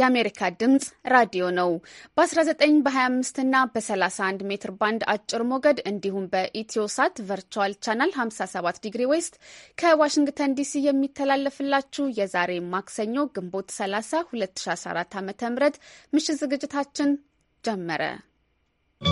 የአሜሪካ ድምፅ ራዲዮ ነው። በ19 በ25 እና በ31 ሜትር ባንድ አጭር ሞገድ እንዲሁም በኢትዮሳት ቨርቹዋል ቻናል 57 ዲግሪ ዌስት ከዋሽንግተን ዲሲ የሚተላለፍላችሁ የዛሬ ማክሰኞ ግንቦት 30 2014 ዓ ም ምሽት ዝግጅታችን ጀመረ። ¶¶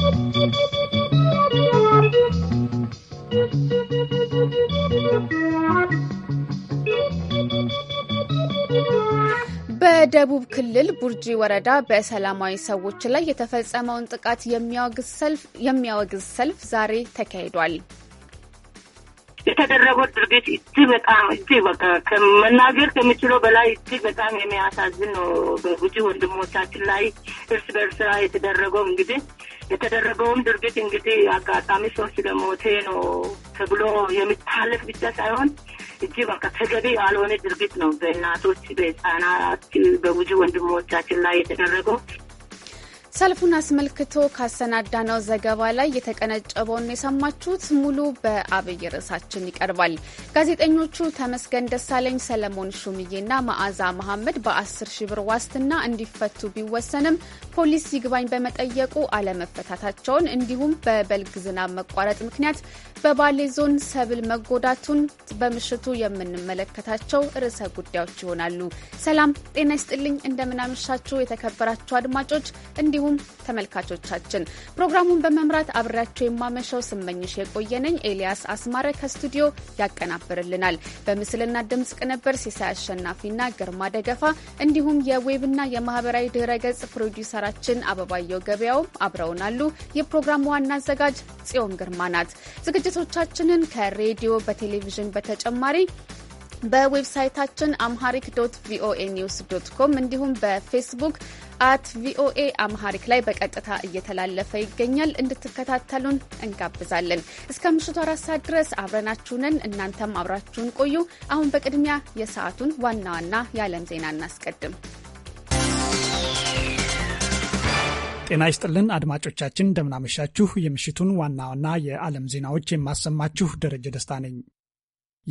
በደቡብ ክልል ቡርጂ ወረዳ በሰላማዊ ሰዎች ላይ የተፈጸመውን ጥቃት የሚያወግዝ ሰልፍ ዛሬ ተካሂዷል። የተደረገው ድርጊት እጅግ በጣም እጅግ በቃ ከመናገር ከምችለው በላይ እጅግ በጣም የሚያሳዝን ነው። በጉጂ ወንድሞቻችን ላይ እርስ በእርስ የተደረገው እንግዲህ የተደረገውም ድርጊት እንግዲህ አጋጣሚ ሰዎች ለሞቴ ነው ተብሎ የሚታለፍ ብቻ ሳይሆን እጅግ በቃ ተገቢ ያልሆነ ድርጊት ነው። በእናቶች በህፃናት፣ በጉጂ ወንድሞቻችን ላይ የተደረገው ሰልፉን አስመልክቶ ካሰናዳነው ዘገባ ላይ የተቀነጨበውን የሰማችሁት ሙሉ በአብይ ርዕሳችን ይቀርባል። ጋዜጠኞቹ ተመስገን ደሳለኝ፣ ሰለሞን ሹምዬና መዓዛ መሐመድ በ10 ሺ ብር ዋስትና እንዲፈቱ ቢወሰንም ፖሊስ ይግባኝ በመጠየቁ አለመፈታታቸውን እንዲሁም በበልግ ዝናብ መቋረጥ ምክንያት በባሌ ዞን ሰብል መጎዳቱን በምሽቱ የምንመለከታቸው ርዕሰ ጉዳዮች ይሆናሉ። ሰላም ጤና ይስጥልኝ። እንደምናመሻችሁ የተከበራችሁ አድማጮች እንዲሁም ይሁን ተመልካቾቻችን። ፕሮግራሙን በመምራት አብሬያቸው የማመሻው ስመኝሽ የቆየነኝ። ኤልያስ አስማረ ከስቱዲዮ ያቀናብርልናል። በምስልና ድምፅ ቅንብር ሲሳይ አሸናፊና ግርማ ደገፋ እንዲሁም የዌብና የማህበራዊ ድህረ ገጽ ፕሮዲውሰራችን አበባየው ገበያው አብረውን አሉ። የፕሮግራሙ ዋና አዘጋጅ ጽዮን ግርማ ናት። ዝግጅቶቻችንን ከሬዲዮ በቴሌቪዥን በተጨማሪ በዌብሳይታችን አምሃሪክ ዶት ቪኦኤ ኒውስ ዶት ኮም እንዲሁም በፌስቡክ አት ቪኦኤ አምሃሪክ ላይ በቀጥታ እየተላለፈ ይገኛል። እንድትከታተሉን እንጋብዛለን። እስከ ምሽቱ አራት ሰዓት ድረስ አብረናችሁንን፣ እናንተም አብራችሁን ቆዩ። አሁን በቅድሚያ የሰዓቱን ዋና ዋና የዓለም ዜና እናስቀድም። ጤና ይስጥልን አድማጮቻችን፣ እንደምናመሻችሁ። የምሽቱን ዋና ዋና የዓለም ዜናዎች የማሰማችሁ ደረጀ ደስታ ነኝ።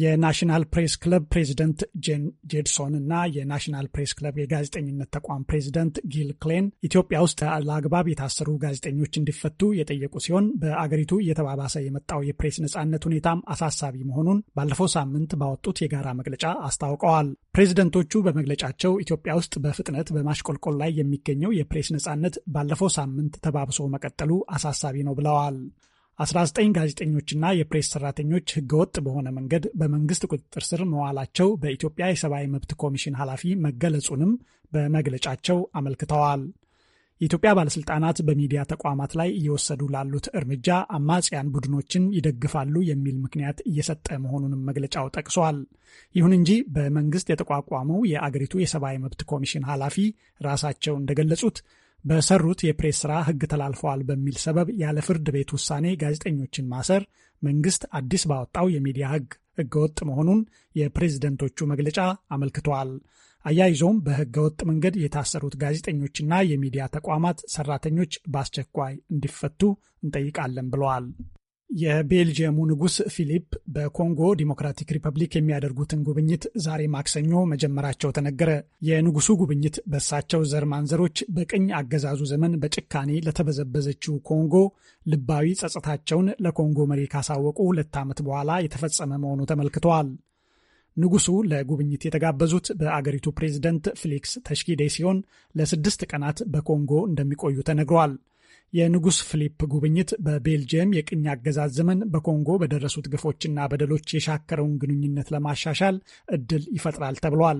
የናሽናል ፕሬስ ክለብ ፕሬዚደንት ጄን ጄድሶን እና የናሽናል ፕሬስ ክለብ የጋዜጠኝነት ተቋም ፕሬዚደንት ጊል ክሌን ኢትዮጵያ ውስጥ ለአግባብ የታሰሩ ጋዜጠኞች እንዲፈቱ የጠየቁ ሲሆን በአገሪቱ እየተባባሰ የመጣው የፕሬስ ነጻነት ሁኔታም አሳሳቢ መሆኑን ባለፈው ሳምንት ባወጡት የጋራ መግለጫ አስታውቀዋል። ፕሬዚደንቶቹ በመግለጫቸው ኢትዮጵያ ውስጥ በፍጥነት በማሽቆልቆል ላይ የሚገኘው የፕሬስ ነጻነት ባለፈው ሳምንት ተባብሶ መቀጠሉ አሳሳቢ ነው ብለዋል። 19 ጋዜጠኞችና የፕሬስ ሰራተኞች ህገወጥ በሆነ መንገድ በመንግስት ቁጥጥር ስር መዋላቸው በኢትዮጵያ የሰብአዊ መብት ኮሚሽን ኃላፊ መገለጹንም በመግለጫቸው አመልክተዋል። የኢትዮጵያ ባለስልጣናት በሚዲያ ተቋማት ላይ እየወሰዱ ላሉት እርምጃ አማጽያን ቡድኖችን ይደግፋሉ የሚል ምክንያት እየሰጠ መሆኑንም መግለጫው ጠቅሷል። ይሁን እንጂ በመንግስት የተቋቋመው የአገሪቱ የሰብአዊ መብት ኮሚሽን ኃላፊ ራሳቸው እንደገለጹት በሰሩት የፕሬስ ስራ ህግ ተላልፈዋል በሚል ሰበብ ያለ ፍርድ ቤት ውሳኔ ጋዜጠኞችን ማሰር መንግስት አዲስ ባወጣው የሚዲያ ህግ ህገወጥ መሆኑን የፕሬዝደንቶቹ መግለጫ አመልክተዋል። አያይዞም በህገወጥ መንገድ የታሰሩት ጋዜጠኞችና የሚዲያ ተቋማት ሰራተኞች በአስቸኳይ እንዲፈቱ እንጠይቃለን ብለዋል። የቤልጅየሙ ንጉሥ ፊሊፕ በኮንጎ ዲሞክራቲክ ሪፐብሊክ የሚያደርጉትን ጉብኝት ዛሬ ማክሰኞ መጀመራቸው ተነገረ። የንጉሱ ጉብኝት በእሳቸው ዘር ማንዘሮች በቅኝ አገዛዙ ዘመን በጭካኔ ለተበዘበዘችው ኮንጎ ልባዊ ጸጸታቸውን ለኮንጎ መሪ ካሳወቁ ሁለት ዓመት በኋላ የተፈጸመ መሆኑ ተመልክተዋል። ንጉሱ ለጉብኝት የተጋበዙት በአገሪቱ ፕሬዝደንት ፊሊክስ ተሽኪዴ ሲሆን ለስድስት ቀናት በኮንጎ እንደሚቆዩ ተነግሯል። የንጉሥ ፊሊፕ ጉብኝት በቤልጅየም የቅኝ አገዛዝ ዘመን በኮንጎ በደረሱት ግፎችና በደሎች የሻከረውን ግንኙነት ለማሻሻል እድል ይፈጥራል ተብሏል።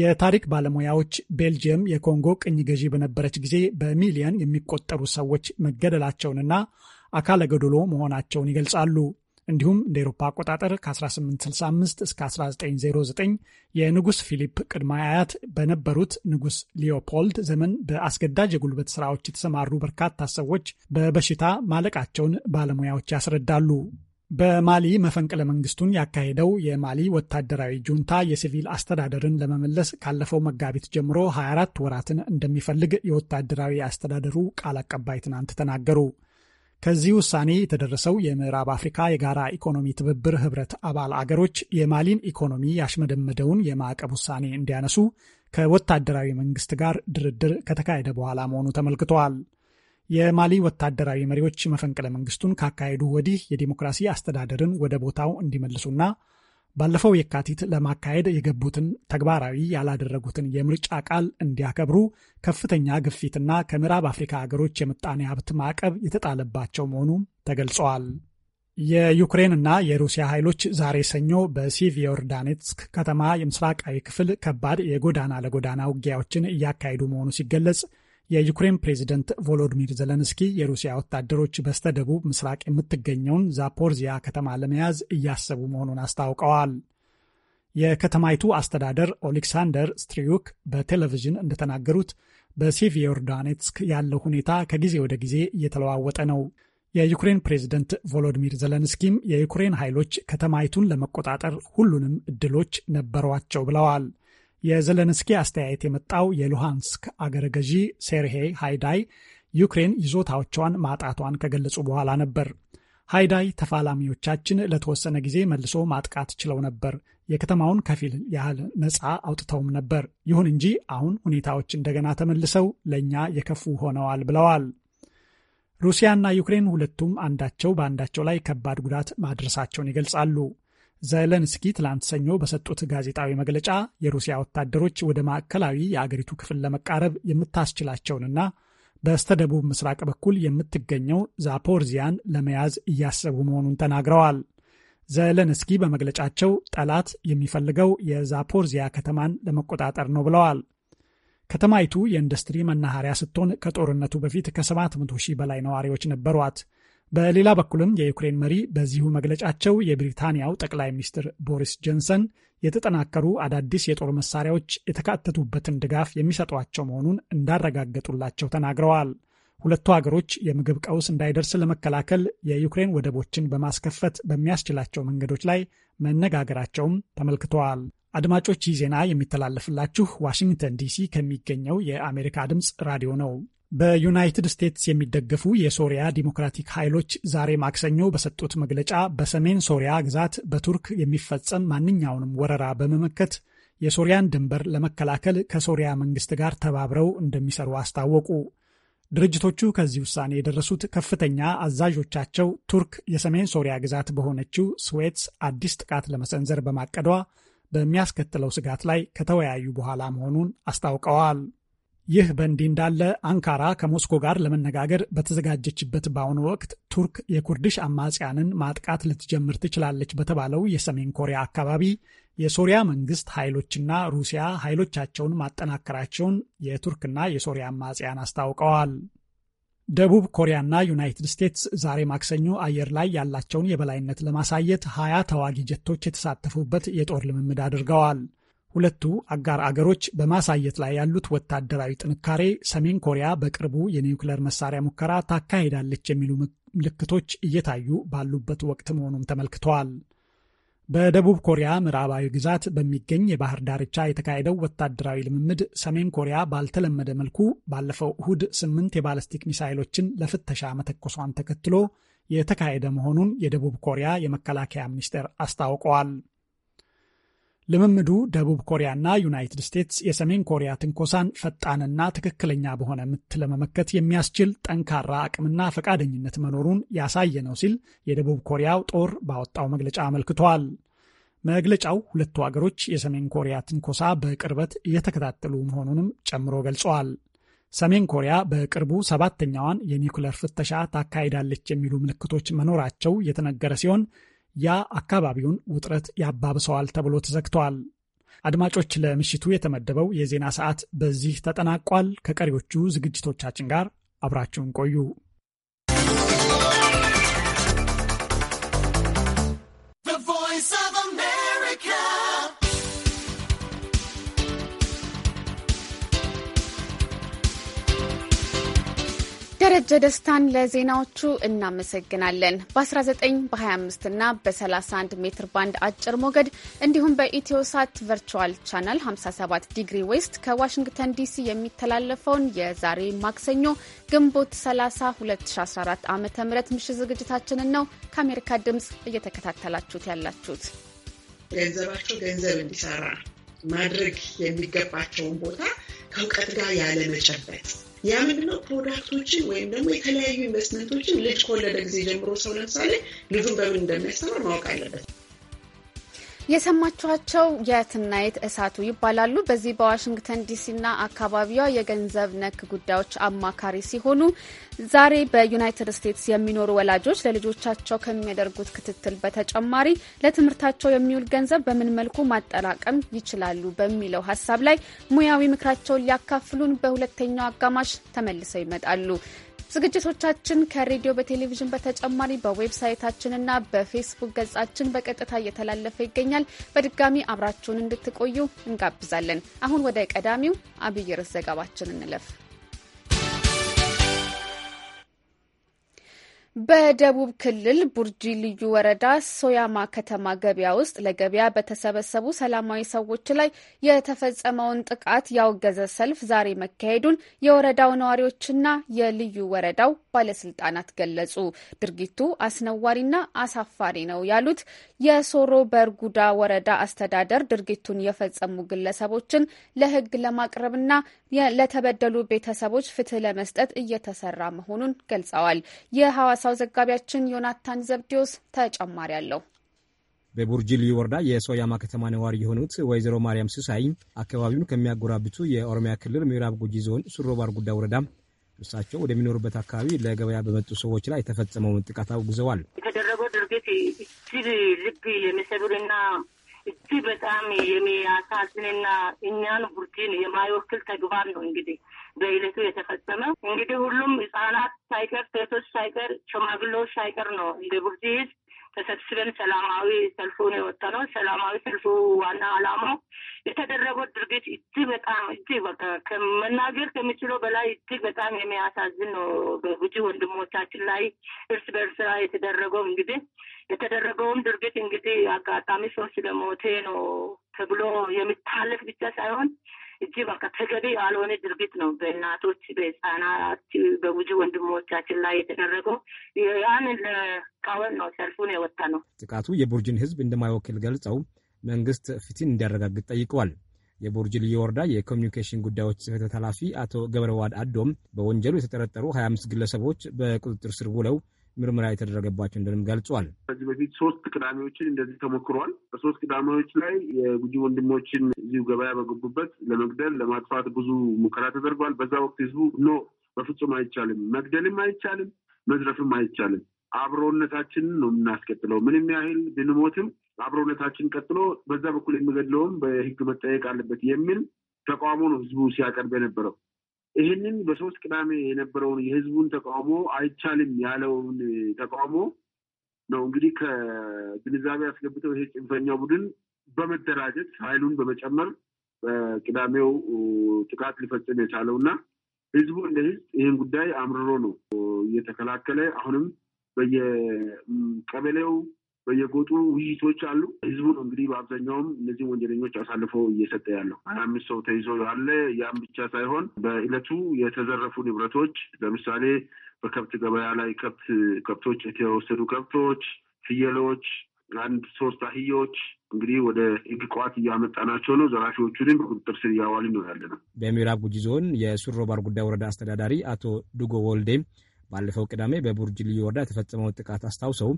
የታሪክ ባለሙያዎች ቤልጅየም የኮንጎ ቅኝ ገዢ በነበረች ጊዜ በሚሊየን የሚቆጠሩ ሰዎች መገደላቸውንና አካለ ገዶሎ መሆናቸውን ይገልጻሉ። እንዲሁም እንደ ኤሮፓ አቆጣጠር ከ1865 እስከ 1909 የንጉሥ ፊሊፕ ቅድመ አያት በነበሩት ንጉሥ ሊዮፖልድ ዘመን በአስገዳጅ የጉልበት ሥራዎች የተሰማሩ በርካታ ሰዎች በበሽታ ማለቃቸውን ባለሙያዎች ያስረዳሉ። በማሊ መፈንቅለ መንግስቱን ያካሄደው የማሊ ወታደራዊ ጁንታ የሲቪል አስተዳደርን ለመመለስ ካለፈው መጋቢት ጀምሮ 24 ወራትን እንደሚፈልግ የወታደራዊ አስተዳደሩ ቃል አቀባይ ትናንት ተናገሩ። ከዚህ ውሳኔ የተደረሰው የምዕራብ አፍሪካ የጋራ ኢኮኖሚ ትብብር ህብረት አባል አገሮች የማሊን ኢኮኖሚ ያሽመደመደውን የማዕቀብ ውሳኔ እንዲያነሱ ከወታደራዊ መንግስት ጋር ድርድር ከተካሄደ በኋላ መሆኑ ተመልክተዋል። የማሊ ወታደራዊ መሪዎች መፈንቅለ መንግስቱን ካካሄዱ ወዲህ የዲሞክራሲ አስተዳደርን ወደ ቦታው እንዲመልሱና ባለፈው የካቲት ለማካሄድ የገቡትን ተግባራዊ ያላደረጉትን የምርጫ ቃል እንዲያከብሩ ከፍተኛ ግፊትና ከምዕራብ አፍሪካ ሀገሮች የምጣኔ ሀብት ማዕቀብ የተጣለባቸው መሆኑ ተገልጸዋል። የዩክሬንና የሩሲያ ኃይሎች ዛሬ ሰኞ በሲቪዮርዳኔትስክ ከተማ የምስራቃዊ ክፍል ከባድ የጎዳና ለጎዳና ውጊያዎችን እያካሄዱ መሆኑ ሲገለጽ የዩክሬን ፕሬዚደንት ቮሎዲሚር ዘለንስኪ የሩሲያ ወታደሮች በስተደቡብ ምስራቅ የምትገኘውን ዛፖርዚያ ከተማ ለመያዝ እያሰቡ መሆኑን አስታውቀዋል። የከተማይቱ አስተዳደር ኦሌክሳንደር ስትሪዩክ በቴሌቪዥን እንደተናገሩት በሴቪዮርዳኔትስክ ያለው ሁኔታ ከጊዜ ወደ ጊዜ እየተለዋወጠ ነው። የዩክሬን ፕሬዝደንት ቮሎዲሚር ዘለንስኪም የዩክሬን ኃይሎች ከተማይቱን ለመቆጣጠር ሁሉንም እድሎች ነበሯቸው ብለዋል። የዘለንስኪ አስተያየት የመጣው የሉሃንስክ አገረ ገዢ ሴርሄይ ሃይዳይ ዩክሬን ይዞታዎቿን ማጣቷን ከገለጹ በኋላ ነበር። ሃይዳይ ተፋላሚዎቻችን ለተወሰነ ጊዜ መልሶ ማጥቃት ችለው ነበር፣ የከተማውን ከፊል ያህል ነፃ አውጥተውም ነበር። ይሁን እንጂ አሁን ሁኔታዎች እንደገና ተመልሰው ለእኛ የከፉ ሆነዋል ብለዋል። ሩሲያና ዩክሬን ሁለቱም አንዳቸው በአንዳቸው ላይ ከባድ ጉዳት ማድረሳቸውን ይገልጻሉ። ዘለንስኪ ትላንት ሰኞ በሰጡት ጋዜጣዊ መግለጫ የሩሲያ ወታደሮች ወደ ማዕከላዊ የአገሪቱ ክፍል ለመቃረብ የምታስችላቸውንና በስተደቡብ ምስራቅ በኩል የምትገኘው ዛፖርዚያን ለመያዝ እያሰቡ መሆኑን ተናግረዋል። ዘለንስኪ በመግለጫቸው ጠላት የሚፈልገው የዛፖርዚያ ከተማን ለመቆጣጠር ነው ብለዋል። ከተማይቱ የኢንዱስትሪ መናኸሪያ ስትሆን ከጦርነቱ በፊት ከ700 ሺህ በላይ ነዋሪዎች ነበሯት። በሌላ በኩልም የዩክሬን መሪ በዚሁ መግለጫቸው የብሪታንያው ጠቅላይ ሚኒስትር ቦሪስ ጆንሰን የተጠናከሩ አዳዲስ የጦር መሳሪያዎች የተካተቱበትን ድጋፍ የሚሰጧቸው መሆኑን እንዳረጋገጡላቸው ተናግረዋል። ሁለቱ ሀገሮች የምግብ ቀውስ እንዳይደርስ ለመከላከል የዩክሬን ወደቦችን በማስከፈት በሚያስችላቸው መንገዶች ላይ መነጋገራቸውም ተመልክተዋል። አድማጮች ይህ ዜና የሚተላለፍላችሁ ዋሽንግተን ዲሲ ከሚገኘው የአሜሪካ ድምፅ ራዲዮ ነው። በዩናይትድ ስቴትስ የሚደገፉ የሶሪያ ዲሞክራቲክ ኃይሎች ዛሬ ማክሰኞ በሰጡት መግለጫ በሰሜን ሶሪያ ግዛት በቱርክ የሚፈጸም ማንኛውንም ወረራ በመመከት የሶሪያን ድንበር ለመከላከል ከሶሪያ መንግስት ጋር ተባብረው እንደሚሰሩ አስታወቁ። ድርጅቶቹ ከዚህ ውሳኔ የደረሱት ከፍተኛ አዛዦቻቸው ቱርክ የሰሜን ሶሪያ ግዛት በሆነችው ስዌትስ አዲስ ጥቃት ለመሰንዘር በማቀዷ በሚያስከትለው ስጋት ላይ ከተወያዩ በኋላ መሆኑን አስታውቀዋል። ይህ በእንዲህ እንዳለ አንካራ ከሞስኮ ጋር ለመነጋገር በተዘጋጀችበት በአሁኑ ወቅት ቱርክ የኩርድሽ አማጽያንን ማጥቃት ልትጀምር ትችላለች በተባለው የሰሜን ኮሪያ አካባቢ የሶሪያ መንግስት ኃይሎችና ሩሲያ ኃይሎቻቸውን ማጠናከራቸውን የቱርክና የሶሪያ አማጽያን አስታውቀዋል። ደቡብ ኮሪያና ዩናይትድ ስቴትስ ዛሬ ማክሰኞ አየር ላይ ያላቸውን የበላይነት ለማሳየት ሀያ ተዋጊ ጀቶች የተሳተፉበት የጦር ልምምድ አድርገዋል። ሁለቱ አጋር አገሮች በማሳየት ላይ ያሉት ወታደራዊ ጥንካሬ ሰሜን ኮሪያ በቅርቡ የኒውክለር መሳሪያ ሙከራ ታካሂዳለች የሚሉ ምልክቶች እየታዩ ባሉበት ወቅት መሆኑም ተመልክተዋል። በደቡብ ኮሪያ ምዕራባዊ ግዛት በሚገኝ የባህር ዳርቻ የተካሄደው ወታደራዊ ልምምድ ሰሜን ኮሪያ ባልተለመደ መልኩ ባለፈው እሁድ ስምንት የባለስቲክ ሚሳይሎችን ለፍተሻ መተኮሷን ተከትሎ የተካሄደ መሆኑን የደቡብ ኮሪያ የመከላከያ ሚኒስቴር አስታውቀዋል። ልምምዱ ደቡብ ኮሪያና ዩናይትድ ስቴትስ የሰሜን ኮሪያ ትንኮሳን ፈጣንና ትክክለኛ በሆነ ምት ለመመከት የሚያስችል ጠንካራ አቅምና ፈቃደኝነት መኖሩን ያሳየ ነው ሲል የደቡብ ኮሪያው ጦር ባወጣው መግለጫ አመልክቷል። መግለጫው ሁለቱ አገሮች የሰሜን ኮሪያ ትንኮሳ በቅርበት እየተከታተሉ መሆኑንም ጨምሮ ገልጸዋል። ሰሜን ኮሪያ በቅርቡ ሰባተኛዋን የኒውክለር ፍተሻ ታካሂዳለች የሚሉ ምልክቶች መኖራቸው የተነገረ ሲሆን ያ አካባቢውን ውጥረት ያባብሰዋል ተብሎ ተዘግተዋል። አድማጮች፣ ለምሽቱ የተመደበው የዜና ሰዓት በዚህ ተጠናቋል። ከቀሪዎቹ ዝግጅቶቻችን ጋር አብራችሁን ቆዩ። ደረጀ ደስታን ለዜናዎቹ እናመሰግናለን። በ19 በ25 እና በ31 ሜትር ባንድ አጭር ሞገድ እንዲሁም በኢትዮሳት ቨርቹዋል ቻናል 57 ዲግሪ ዌስት ከዋሽንግተን ዲሲ የሚተላለፈውን የዛሬ ማክሰኞ ግንቦት 30 2014 ዓ ም ምሽት ዝግጅታችንን ነው ከአሜሪካ ድምፅ እየተከታተላችሁት ያላችሁት። ገንዘባቸው ገንዘብ እንዲሰራ ማድረግ የሚገባቸውን ቦታ ከእውቀት ጋር ያለመጨበት ያ ምንድነው ፕሮዳክቶችን ወይም ደግሞ የተለያዩ ኢንቨስትመንቶችን ልጅ ከወለደ ጊዜ ጀምሮ ሰው ለምሳሌ ልጁን በምን እንደሚያስተምር ማወቅ አለበት። የሰማችኋቸው የትናየት እሳቱ ይባላሉ። በዚህ በዋሽንግተን ዲሲና አካባቢዋ የገንዘብ ነክ ጉዳዮች አማካሪ ሲሆኑ ዛሬ በዩናይትድ ስቴትስ የሚኖሩ ወላጆች ለልጆቻቸው ከሚያደርጉት ክትትል በተጨማሪ ለትምህርታቸው የሚውል ገንዘብ በምን መልኩ ማጠራቀም ይችላሉ በሚለው ሀሳብ ላይ ሙያዊ ምክራቸውን ሊያካፍሉን በሁለተኛው አጋማሽ ተመልሰው ይመጣሉ። ዝግጅቶቻችን ከሬዲዮ በቴሌቪዥን በተጨማሪ በዌብሳይታችንና በፌስቡክ ገጻችን በቀጥታ እየተላለፈ ይገኛል። በድጋሚ አብራችሁን እንድትቆዩ እንጋብዛለን። አሁን ወደ ቀዳሚው አብይ ርዕስ ዘገባችን እንለፍ። በደቡብ ክልል ቡርጂ ልዩ ወረዳ ሶያማ ከተማ ገበያ ውስጥ ለገበያ በተሰበሰቡ ሰላማዊ ሰዎች ላይ የተፈጸመውን ጥቃት ያወገዘ ሰልፍ ዛሬ መካሄዱን የወረዳው ነዋሪዎችና የልዩ ወረዳው ባለስልጣናት ገለጹ። ድርጊቱ አስነዋሪና አሳፋሪ ነው ያሉት የሶሮ በርጉዳ ወረዳ አስተዳደር ድርጊቱን የፈጸሙ ግለሰቦችን ለሕግ ለማቅረብና ለተበደሉ ቤተሰቦች ፍትህ ለመስጠት እየተሰራ መሆኑን ገልጸዋል። የሐዋሳው ዘጋቢያችን ዮናታን ዘብዲዮስ ተጨማሪ አለው። በቡርጂ ወረዳ የሶያማ ከተማ ነዋሪ የሆኑት ወይዘሮ ማርያም ስሳይ አካባቢውን ከሚያጎራብቱ የኦሮሚያ ክልል ምዕራብ ጉጂ ዞን ሱሮ ባርጉዳ ወረዳ እሳቸው ወደሚኖሩበት አካባቢ ለገበያ በመጡ ሰዎች ላይ የተፈጸመውን ጥቃት አውግዘዋል። የተደረገው ድርጊት እጅግ ልብ የሚሰብርና እጅግ በጣም የሚያሳዝንና እኛን ቡርቲን የማይወክል ተግባር ነው። እንግዲህ በዕለቱ የተፈጸመ እንግዲህ ሁሉም ህጻናት ሳይቀር ሴቶች ሳይቀር ሽማግሌዎች ሳይቀር ነው እንደ ቡርጂ ተሰብስበን ሰላማዊ ሰልፎ ነው የወጣ ነው። ሰላማዊ ሰልፉ ዋና አላማው የተደረገው ድርጊት እጅግ በጣም እጅግ በቃ ከመናገር ከሚችለው በላይ እጅግ በጣም የሚያሳዝን ነው። በጉጂ ወንድሞቻችን ላይ እርስ በእርስ ላይ የተደረገው እንግዲህ የተደረገውም ድርጊት እንግዲህ አጋጣሚ ሰው ስለሞተ ነው ተብሎ የሚታለፍ ብቻ ሳይሆን እጅግ በቃ ተገቢ ያልሆነ ድርጊት ነው በእናቶች በህፃናት፣ በብዙ ወንድሞቻችን ላይ የተደረገው። ያንን ለቃወን ነው ሰልፉን የወጣ ነው። ጥቃቱ የቡርጅን ህዝብ እንደማይወክል ገልጸው መንግስት ፍትህን እንዲያረጋግጥ ጠይቀዋል። የቡርጅ ልዩ ወረዳ የኮሚኒኬሽን ጉዳዮች ጽህፈት ኃላፊ አቶ ገብረዋድ አዶም በወንጀሉ የተጠረጠሩ 25 ግለሰቦች በቁጥጥር ስር ውለው ምርመራ የተደረገባቸው እንደንም ገልጿል። ከዚህ በፊት ሶስት ቅዳሜዎችን እንደዚህ ተሞክሯል። በሶስት ቅዳሜዎች ላይ የጉጂ ወንድሞችን እዚሁ ገበያ በገቡበት ለመግደል ለማጥፋት ብዙ ሙከራ ተደርጓል። በዛ ወቅት ህዝቡ ኖ በፍጹም አይቻልም፣ መግደልም አይቻልም፣ መዝረፍም አይቻልም አብሮነታችንን ነው የምናስቀጥለው። ምንም ያህል ብንሞትም አብሮነታችን ቀጥሎ በዛ በኩል የሚገድለውም በህግ መጠየቅ አለበት የሚል ተቋሙ ነው ህዝቡ ሲያቀርብ የነበረው። ይህንን በሶስት ቅዳሜ የነበረውን የህዝቡን ተቃውሞ አይቻልም ያለውን ተቃውሞ ነው እንግዲህ ከግንዛቤ አስገብተው ይሄ ጽንፈኛው ቡድን በመደራጀት ኃይሉን በመጨመር በቅዳሜው ጥቃት ሊፈጽም የቻለው እና ህዝቡ እንደ ህዝብ ይህን ጉዳይ አምርሮ ነው እየተከላከለ አሁንም በየቀበሌው በየጎጡ ውይይቶች አሉ። ህዝቡ ነው እንግዲህ በአብዛኛውም እነዚህ ወንጀለኞች አሳልፎ እየሰጠ ያለው ሀያ አምስት ሰው ተይዞ ያለ ያም ብቻ ሳይሆን በእለቱ የተዘረፉ ንብረቶች ለምሳሌ በከብት ገበያ ላይ ከብት ከብቶች የተወሰዱ ከብቶች፣ ፍየሎች፣ አንድ ሶስት አህዮች እንግዲህ ወደ ህግ ቋት እያመጣናቸው ነው። ዘራፊዎቹንም በቁጥጥር ስር እያዋልን ነው ያለ ነው። በምዕራብ ጉጂ ዞን የሱሮ ባር ጉዳይ ወረዳ አስተዳዳሪ አቶ ዱጎ ወልዴ ባለፈው ቅዳሜ በቡርጅ ልዩ ወረዳ የተፈጸመውን ጥቃት አስታውሰው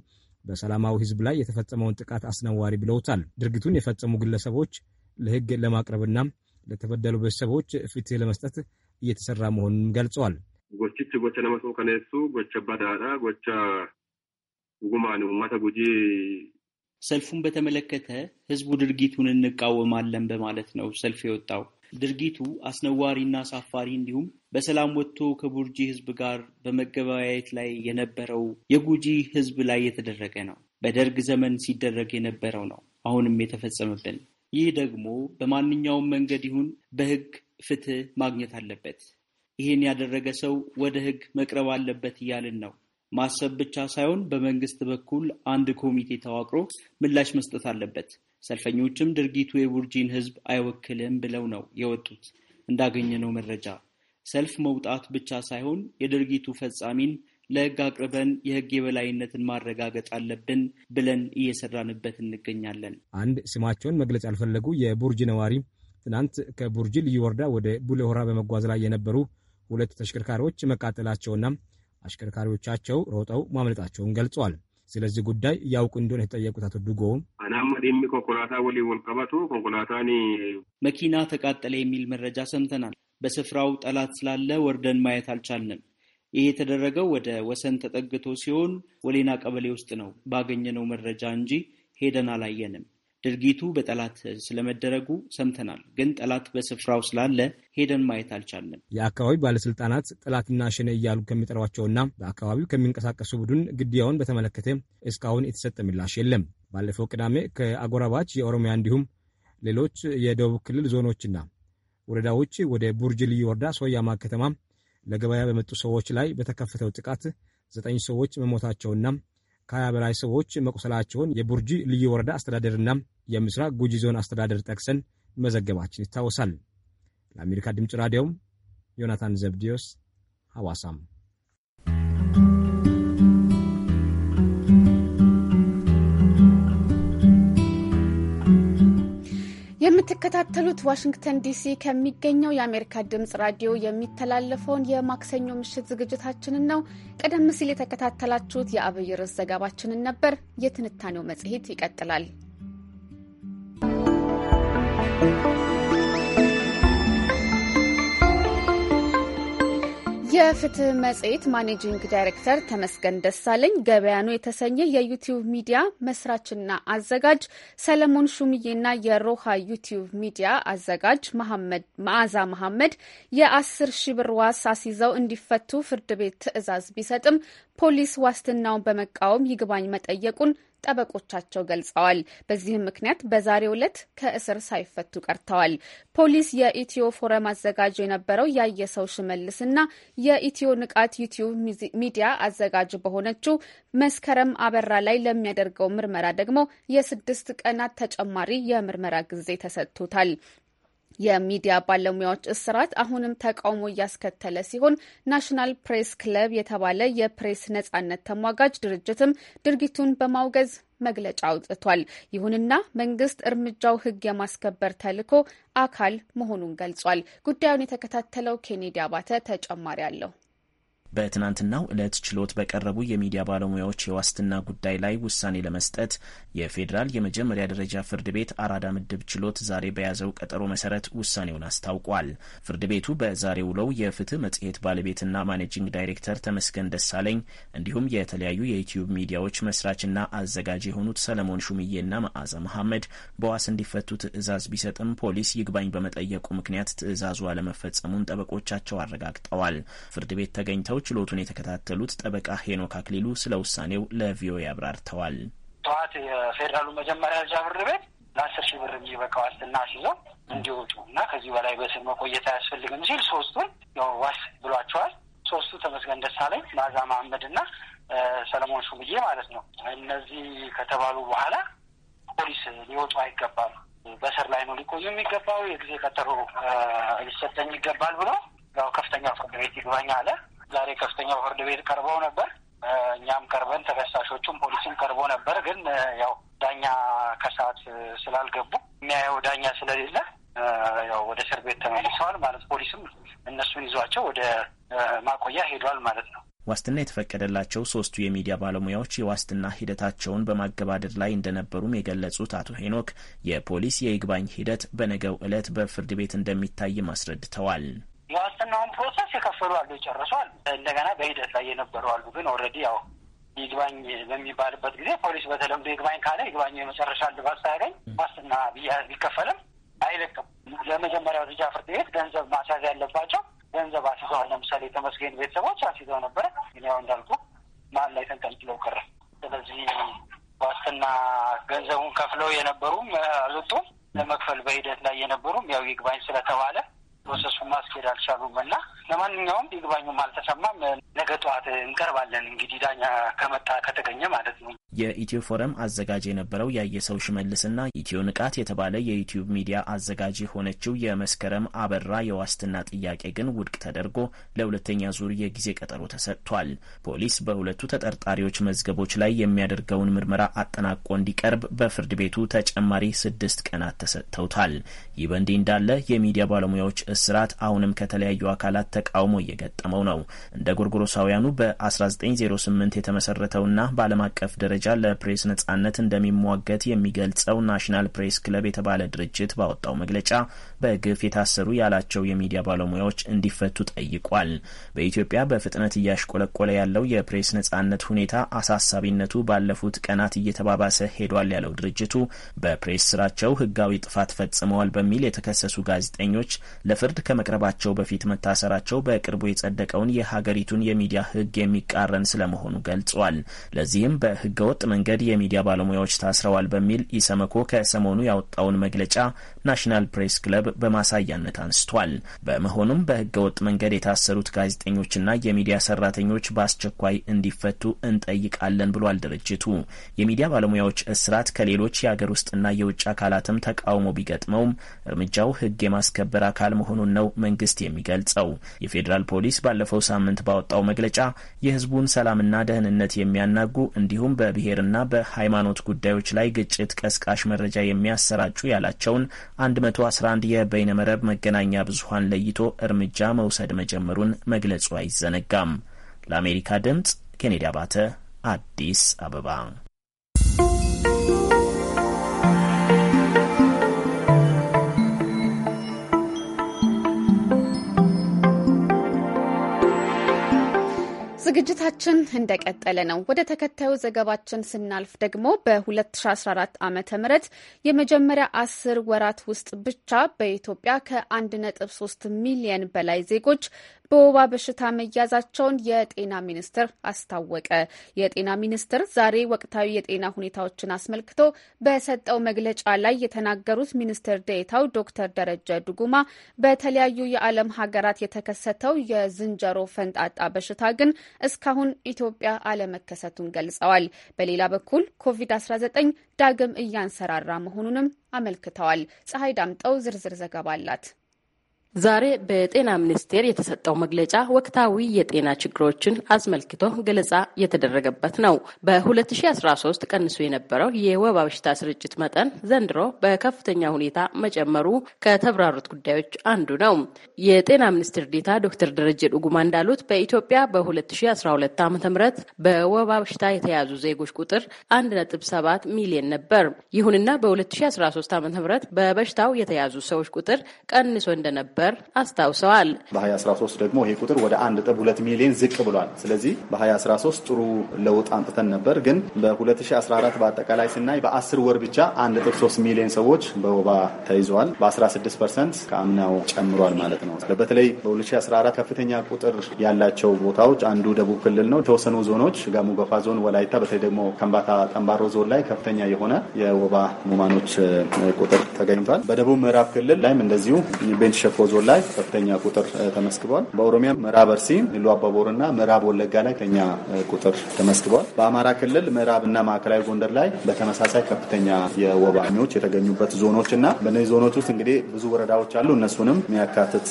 በሰላማዊ ህዝብ ላይ የተፈጸመውን ጥቃት አስነዋሪ ብለውታል። ድርጊቱን የፈጸሙ ግለሰቦች ለህግ ለማቅረብና ለተበደሉ ቤተሰቦች ፍትህ ለመስጠት እየተሰራ መሆኑን ገልጸዋል። ጎችች ጎቸ ነመሶ ከነሱ ጎቸ ባዳዳ ጎቸ ጉማን ማተ ጉጂ ሰልፉን በተመለከተ ህዝቡ ድርጊቱን እንቃወማለን በማለት ነው ሰልፍ የወጣው። ድርጊቱ አስነዋሪና አሳፋሪ እንዲሁም በሰላም ወጥቶ ከቡርጂ ህዝብ ጋር በመገበያየት ላይ የነበረው የጉጂ ህዝብ ላይ የተደረገ ነው። በደርግ ዘመን ሲደረግ የነበረው ነው አሁንም የተፈጸመብን። ይህ ደግሞ በማንኛውም መንገድ ይሁን በህግ ፍትህ ማግኘት አለበት። ይህን ያደረገ ሰው ወደ ህግ መቅረብ አለበት እያልን ነው። ማሰብ ብቻ ሳይሆን በመንግስት በኩል አንድ ኮሚቴ ተዋቅሮ ምላሽ መስጠት አለበት። ሰልፈኞችም ድርጊቱ የቡርጂን ህዝብ አይወክልም ብለው ነው የወጡት። እንዳገኘነው መረጃ ሰልፍ መውጣት ብቻ ሳይሆን የድርጊቱ ፈጻሚን ለህግ አቅርበን የህግ የበላይነትን ማረጋገጥ አለብን ብለን እየሰራንበት እንገኛለን። አንድ ስማቸውን መግለጽ ያልፈለጉ የቡርጂ ነዋሪ ትናንት ከቡርጂ ልዩ ወረዳ ወደ ቡሌሆራ በመጓዝ ላይ የነበሩ ሁለት ተሽከርካሪዎች መቃጠላቸውና አሽከርካሪዎቻቸው ሮጠው ማምለጣቸውን ገልጸዋል። ስለዚህ ጉዳይ ያውቁ እንደሆነ የተጠየቁት አቶ ድጎ አናም ኮንኮላታ ወሊ ወልቀበቱ ኮንኮላታኒ መኪና ተቃጠለ የሚል መረጃ ሰምተናል። በስፍራው ጠላት ስላለ ወርደን ማየት አልቻልንም። ይህ የተደረገው ወደ ወሰን ተጠግቶ ሲሆን ወሌና ቀበሌ ውስጥ ነው። ባገኘነው መረጃ እንጂ ሄደን አላየንም። ድርጊቱ በጠላት ስለመደረጉ ሰምተናል፣ ግን ጠላት በስፍራው ስላለ ሄደን ማየት አልቻለም። የአካባቢ ባለስልጣናት ጠላትና ሸኔ እያሉ ከሚጠሯቸውና በአካባቢው ከሚንቀሳቀሱ ቡድን ግድያውን በተመለከተ እስካሁን የተሰጠ ምላሽ የለም። ባለፈው ቅዳሜ ከአጎራባች የኦሮሚያ እንዲሁም ሌሎች የደቡብ ክልል ዞኖችና ወረዳዎች ወደ ቡርጅ ልዩ ወረዳ ሶያማ ከተማ ለገበያ በመጡ ሰዎች ላይ በተከፈተው ጥቃት ዘጠኝ ሰዎች መሞታቸውና ከሀያ በላይ ሰዎች መቁሰላቸውን የቡርጂ ልዩ ወረዳ አስተዳደርና የምስራቅ ጉጂ ዞን አስተዳደር ጠቅሰን መዘገባችን ይታወሳል። ለአሜሪካ ድምፅ ራዲዮም ዮናታን ዘብዲዮስ ሐዋሳም የምትከታተሉት ዋሽንግተን ዲሲ ከሚገኘው የአሜሪካ ድምጽ ራዲዮ የሚተላለፈውን የማክሰኞ ምሽት ዝግጅታችንን ነው። ቀደም ሲል የተከታተላችሁት የአብይ ርዕስ ዘገባችንን ነበር። የትንታኔው መጽሔት ይቀጥላል። የፍትህ መጽሔት ማኔጂንግ ዳይሬክተር ተመስገን ደሳለኝ ገበያኑ የተሰኘ የዩቲዩብ ሚዲያ መስራችና አዘጋጅ ሰለሞን ሹምዬና የሮሃ ዩቲዩብ ሚዲያ አዘጋጅ መዓዛ መሐመድ የአስር ሺ ብር ዋስ አስይዘው እንዲፈቱ ፍርድ ቤት ትዕዛዝ ቢሰጥም ፖሊስ ዋስትናውን በመቃወም ይግባኝ መጠየቁን ጠበቆቻቸው ገልጸዋል። በዚህም ምክንያት በዛሬው ዕለት ከእስር ሳይፈቱ ቀርተዋል። ፖሊስ የኢትዮ ፎረም አዘጋጅ የነበረው ያየሰው እና የኢትዮ ንቃት ዩቲዩብ ሚዲያ አዘጋጅ በሆነችው መስከረም አበራ ላይ ለሚያደርገው ምርመራ ደግሞ የስድስት ቀናት ተጨማሪ የምርመራ ጊዜ ተሰጥቶታል። የሚዲያ ባለሙያዎች እስራት አሁንም ተቃውሞ እያስከተለ ሲሆን ናሽናል ፕሬስ ክለብ የተባለ የፕሬስ ነጻነት ተሟጋጅ ድርጅትም ድርጊቱን በማውገዝ መግለጫ አውጥቷል። ይሁንና መንግስት እርምጃው ህግ የማስከበር ተልዕኮ አካል መሆኑን ገልጿል። ጉዳዩን የተከታተለው ኬኔዲ አባተ ተጨማሪ አለው። በትናንትናው ዕለት ችሎት በቀረቡ የሚዲያ ባለሙያዎች የዋስትና ጉዳይ ላይ ውሳኔ ለመስጠት የፌዴራል የመጀመሪያ ደረጃ ፍርድ ቤት አራዳ ምድብ ችሎት ዛሬ በያዘው ቀጠሮ መሰረት ውሳኔውን አስታውቋል። ፍርድ ቤቱ በዛሬ ውለው የፍትህ መጽሔት ባለቤትና ማኔጂንግ ዳይሬክተር ተመስገን ደሳለኝ እንዲሁም የተለያዩ የዩትዩብ ሚዲያዎች መስራችና አዘጋጅ የሆኑት ሰለሞን ሹምዬና መዓዛ መሐመድ በዋስ እንዲፈቱ ትዕዛዝ ቢሰጥም ፖሊስ ይግባኝ በመጠየቁ ምክንያት ትዕዛዙ አለመፈጸሙን ጠበቆቻቸው አረጋግጠዋል። ፍርድ ቤት ተገኝተው ችሎቱን የተከታተሉት ጠበቃ ሄኖክ አክሊሉ ስለ ውሳኔው ለቪኦኤ አብራርተዋል። ጠዋት የፌዴራሉ መጀመሪያ ደረጃ ፍርድ ቤት ለአስር ሺህ ብር የሚበቃ ዋስትና ሲይዘው እንዲወጡ እና ከዚህ በላይ በስር መቆየት አያስፈልግም ሲል ሶስቱን ያው ዋስ ብሏቸዋል። ሶስቱ ተመስገን ደሳለኝ፣ ማዛ መሐመድ እና ሰለሞን ሹምዬ ማለት ነው። እነዚህ ከተባሉ በኋላ ፖሊስ ሊወጡ አይገባም፣ በስር ላይ ነው ሊቆዩ የሚገባው፣ የጊዜ ቀጠሮ ሊሰጠኝ ይገባል ብሎ ያው ከፍተኛው ፍርድ ቤት ይግባኝ አለ። ዛሬ ከፍተኛው ፍርድ ቤት ቀርበው ነበር። እኛም ቀርበን ተከሳሾቹም ፖሊስም ቀርቦ ነበር። ግን ያው ዳኛ ከሰዓት ስላልገቡ የሚያየው ዳኛ ስለሌለ ያው ወደ እስር ቤት ተመልሰዋል ማለት ፖሊስም እነሱን ይዟቸው ወደ ማቆያ ሄዷል ማለት ነው። ዋስትና የተፈቀደላቸው ሶስቱ የሚዲያ ባለሙያዎች የዋስትና ሂደታቸውን በማገባደድ ላይ እንደነበሩም የገለጹት አቶ ሄኖክ የፖሊስ የይግባኝ ሂደት በነገው ዕለት በፍርድ ቤት እንደሚታይም አስረድተዋል። የዋስትናውን ፕሮሰስ የከፈሉ አሉ፣ የጨረሱ አሉ፣ እንደገና በሂደት ላይ የነበሩ አሉ። ግን ኦልሬዲ ያው ይግባኝ በሚባልበት ጊዜ ፖሊስ በተለምዶ ይግባኝ ካለ ይግባኝ የመጨረሻ ልባት ሳያገኝ ዋስትና ቢከፈልም አይለቅም። ለመጀመሪያው ደረጃ ፍርድ ቤት ገንዘብ ማስያዝ ያለባቸው ገንዘብ አስይዘዋል። ለምሳሌ የተመስገን ቤተሰቦች አስይዘው ነበረ፣ ግን ያው እንዳልኩ መሀል ላይ ተንጠልጥለው ቀረ። ስለዚህ ዋስትና ገንዘቡን ከፍለው የነበሩም አልወጡም፣ ለመክፈል በሂደት ላይ የነበሩም ያው ይግባኝ ስለተባለ ፕሮሰሱን ማስኬድ አልቻሉም እና ለማንኛውም ይግባኙም አልተሰማም። ነገ ጠዋት እንቀርባለን እንግዲህ ዳኛ ከመጣ ከተገኘ ማለት ነው። የኢትዮ ፎረም አዘጋጅ የነበረው ያየሰው ሽመልስና ኢትዮ ንቃት የተባለ የዩትዩብ ሚዲያ አዘጋጅ የሆነችው የመስከረም አበራ የዋስትና ጥያቄ ግን ውድቅ ተደርጎ ለሁለተኛ ዙር የጊዜ ቀጠሮ ተሰጥቷል። ፖሊስ በሁለቱ ተጠርጣሪዎች መዝገቦች ላይ የሚያደርገውን ምርመራ አጠናቆ እንዲቀርብ በፍርድ ቤቱ ተጨማሪ ስድስት ቀናት ተሰጥተውታል። ይህ በእንዲህ እንዳለ የሚዲያ ባለሙያዎች እስራት አሁንም ከተለያዩ አካላት ተቃውሞ እየገጠመው ነው። እንደ ጎርጎሮሳውያኑ በ1908 የተመሰረተውና በዓለም አቀፍ ደረጃ ለፕሬስ ነጻነት እንደሚሟገት የሚገልጸው ናሽናል ፕሬስ ክለብ የተባለ ድርጅት ባወጣው መግለጫ በግፍ የታሰሩ ያላቸው የሚዲያ ባለሙያዎች እንዲፈቱ ጠይቋል። በኢትዮጵያ በፍጥነት እያሽቆለቆለ ያለው የፕሬስ ነጻነት ሁኔታ አሳሳቢነቱ ባለፉት ቀናት እየተባባሰ ሄዷል ያለው ድርጅቱ በፕሬስ ስራቸው ህጋዊ ጥፋት ፈጽመዋል በሚል የተከሰሱ ጋዜጠኞች ለ ለፍርድ ከመቅረባቸው በፊት መታሰራቸው በቅርቡ የጸደቀውን የሀገሪቱን የሚዲያ ህግ የሚቃረን ስለመሆኑ ገልጿል። ለዚህም በህገወጥ መንገድ የሚዲያ ባለሙያዎች ታስረዋል በሚል ኢሰመኮ ከሰሞኑ ያወጣውን መግለጫ ናሽናል ፕሬስ ክለብ በማሳያነት አንስቷል። በመሆኑም በህገወጥ መንገድ የታሰሩት ጋዜጠኞችና የሚዲያ ሰራተኞች በአስቸኳይ እንዲፈቱ እንጠይቃለን ብሏል ድርጅቱ። የሚዲያ ባለሙያዎች እስራት ከሌሎች የአገር ውስጥና የውጭ አካላትም ተቃውሞ ቢገጥመውም እርምጃው ህግ የማስከበር አካል መሆኑ መሆኑን ነው መንግስት የሚገልጸው። የፌዴራል ፖሊስ ባለፈው ሳምንት ባወጣው መግለጫ የህዝቡን ሰላምና ደህንነት የሚያናጉ እንዲሁም በብሔርና በሃይማኖት ጉዳዮች ላይ ግጭት ቀስቃሽ መረጃ የሚያሰራጩ ያላቸውን 111 የበይነመረብ መገናኛ ብዙሀን ለይቶ እርምጃ መውሰድ መጀመሩን መግለጹ አይዘነጋም። ለአሜሪካ ድምጽ ኬኔዲ አባተ አዲስ አበባ ዝግጅታችን እንደቀጠለ ነው። ወደ ተከታዩ ዘገባችን ስናልፍ ደግሞ በ2014 ዓ ም የመጀመሪያ አስር ወራት ውስጥ ብቻ በኢትዮጵያ ከ1.3 ሚሊየን በላይ ዜጎች በወባ በሽታ መያዛቸውን የጤና ሚኒስቴር አስታወቀ። የጤና ሚኒስቴር ዛሬ ወቅታዊ የጤና ሁኔታዎችን አስመልክቶ በሰጠው መግለጫ ላይ የተናገሩት ሚኒስትር ዴኤታው ዶክተር ደረጀ ዱጉማ በተለያዩ የዓለም ሀገራት የተከሰተው የዝንጀሮ ፈንጣጣ በሽታ ግን እስካሁን ኢትዮጵያ አለመከሰቱን ገልጸዋል። በሌላ በኩል ኮቪድ-19 ዳግም እያንሰራራ መሆኑንም አመልክተዋል። ፀሐይ ዳምጠው ዝርዝር ዘገባ አላት። ዛሬ በጤና ሚኒስቴር የተሰጠው መግለጫ ወቅታዊ የጤና ችግሮችን አስመልክቶ ገለጻ የተደረገበት ነው። በ2013 ቀንሶ የነበረው የወባ በሽታ ስርጭት መጠን ዘንድሮ በከፍተኛ ሁኔታ መጨመሩ ከተብራሩት ጉዳዮች አንዱ ነው። የጤና ሚኒስትር ዴታ ዶክተር ደረጀ ዱጉማ እንዳሉት በኢትዮጵያ በ2012 ዓ ም በወባ በሽታ የተያዙ ዜጎች ቁጥር 1.7 ሚሊዮን ነበር። ይሁንና በ2013 ዓ ም በበሽታው የተያዙ ሰዎች ቁጥር ቀንሶ እንደነበር እንደነበር አስታውሰዋል። በ2013 ደግሞ ይሄ ቁጥር ወደ 1.2 ሚሊዮን ዝቅ ብሏል። ስለዚህ በ2013 ጥሩ ለውጥ አምጥተን ነበር። ግን በ2014 በአጠቃላይ ስናይ በ10 ወር ብቻ 1.3 ሚሊዮን ሰዎች በወባ ተይዘዋል። በ16 ፐርሰንት ከአምናው ጨምሯል ማለት ነው። በተለይ በ2014 ከፍተኛ ቁጥር ያላቸው ቦታዎች አንዱ ደቡብ ክልል ነው። የተወሰኑ ዞኖች ጋሞ ዞን፣ ወላይታ፣ በተለይ ደግሞ ከምባታ ጠንባሮ ዞን ላይ ከፍተኛ የሆነ የወባ ሙማኖች ቁጥር ተገኝቷል። በደቡብ ምዕራብ ክልል ላይም እንደዚሁ ቤንች ሸኮ ዞን ላይ ከፍተኛ ቁጥር ተመስግቧል። በኦሮሚያ ምዕራብ እርሲ፣ ሉሉ አባቦር እና ምዕራብ ወለጋ ላይ ከፍተኛ ቁጥር ተመስግቧል። በአማራ ክልል ምዕራብ እና ማዕከላዊ ጎንደር ላይ በተመሳሳይ ከፍተኛ የወባኞች የተገኙበት ዞኖች እና በነዚህ ዞኖች ውስጥ እንግዲህ ብዙ ወረዳዎች አሉ። እነሱንም የሚያካትት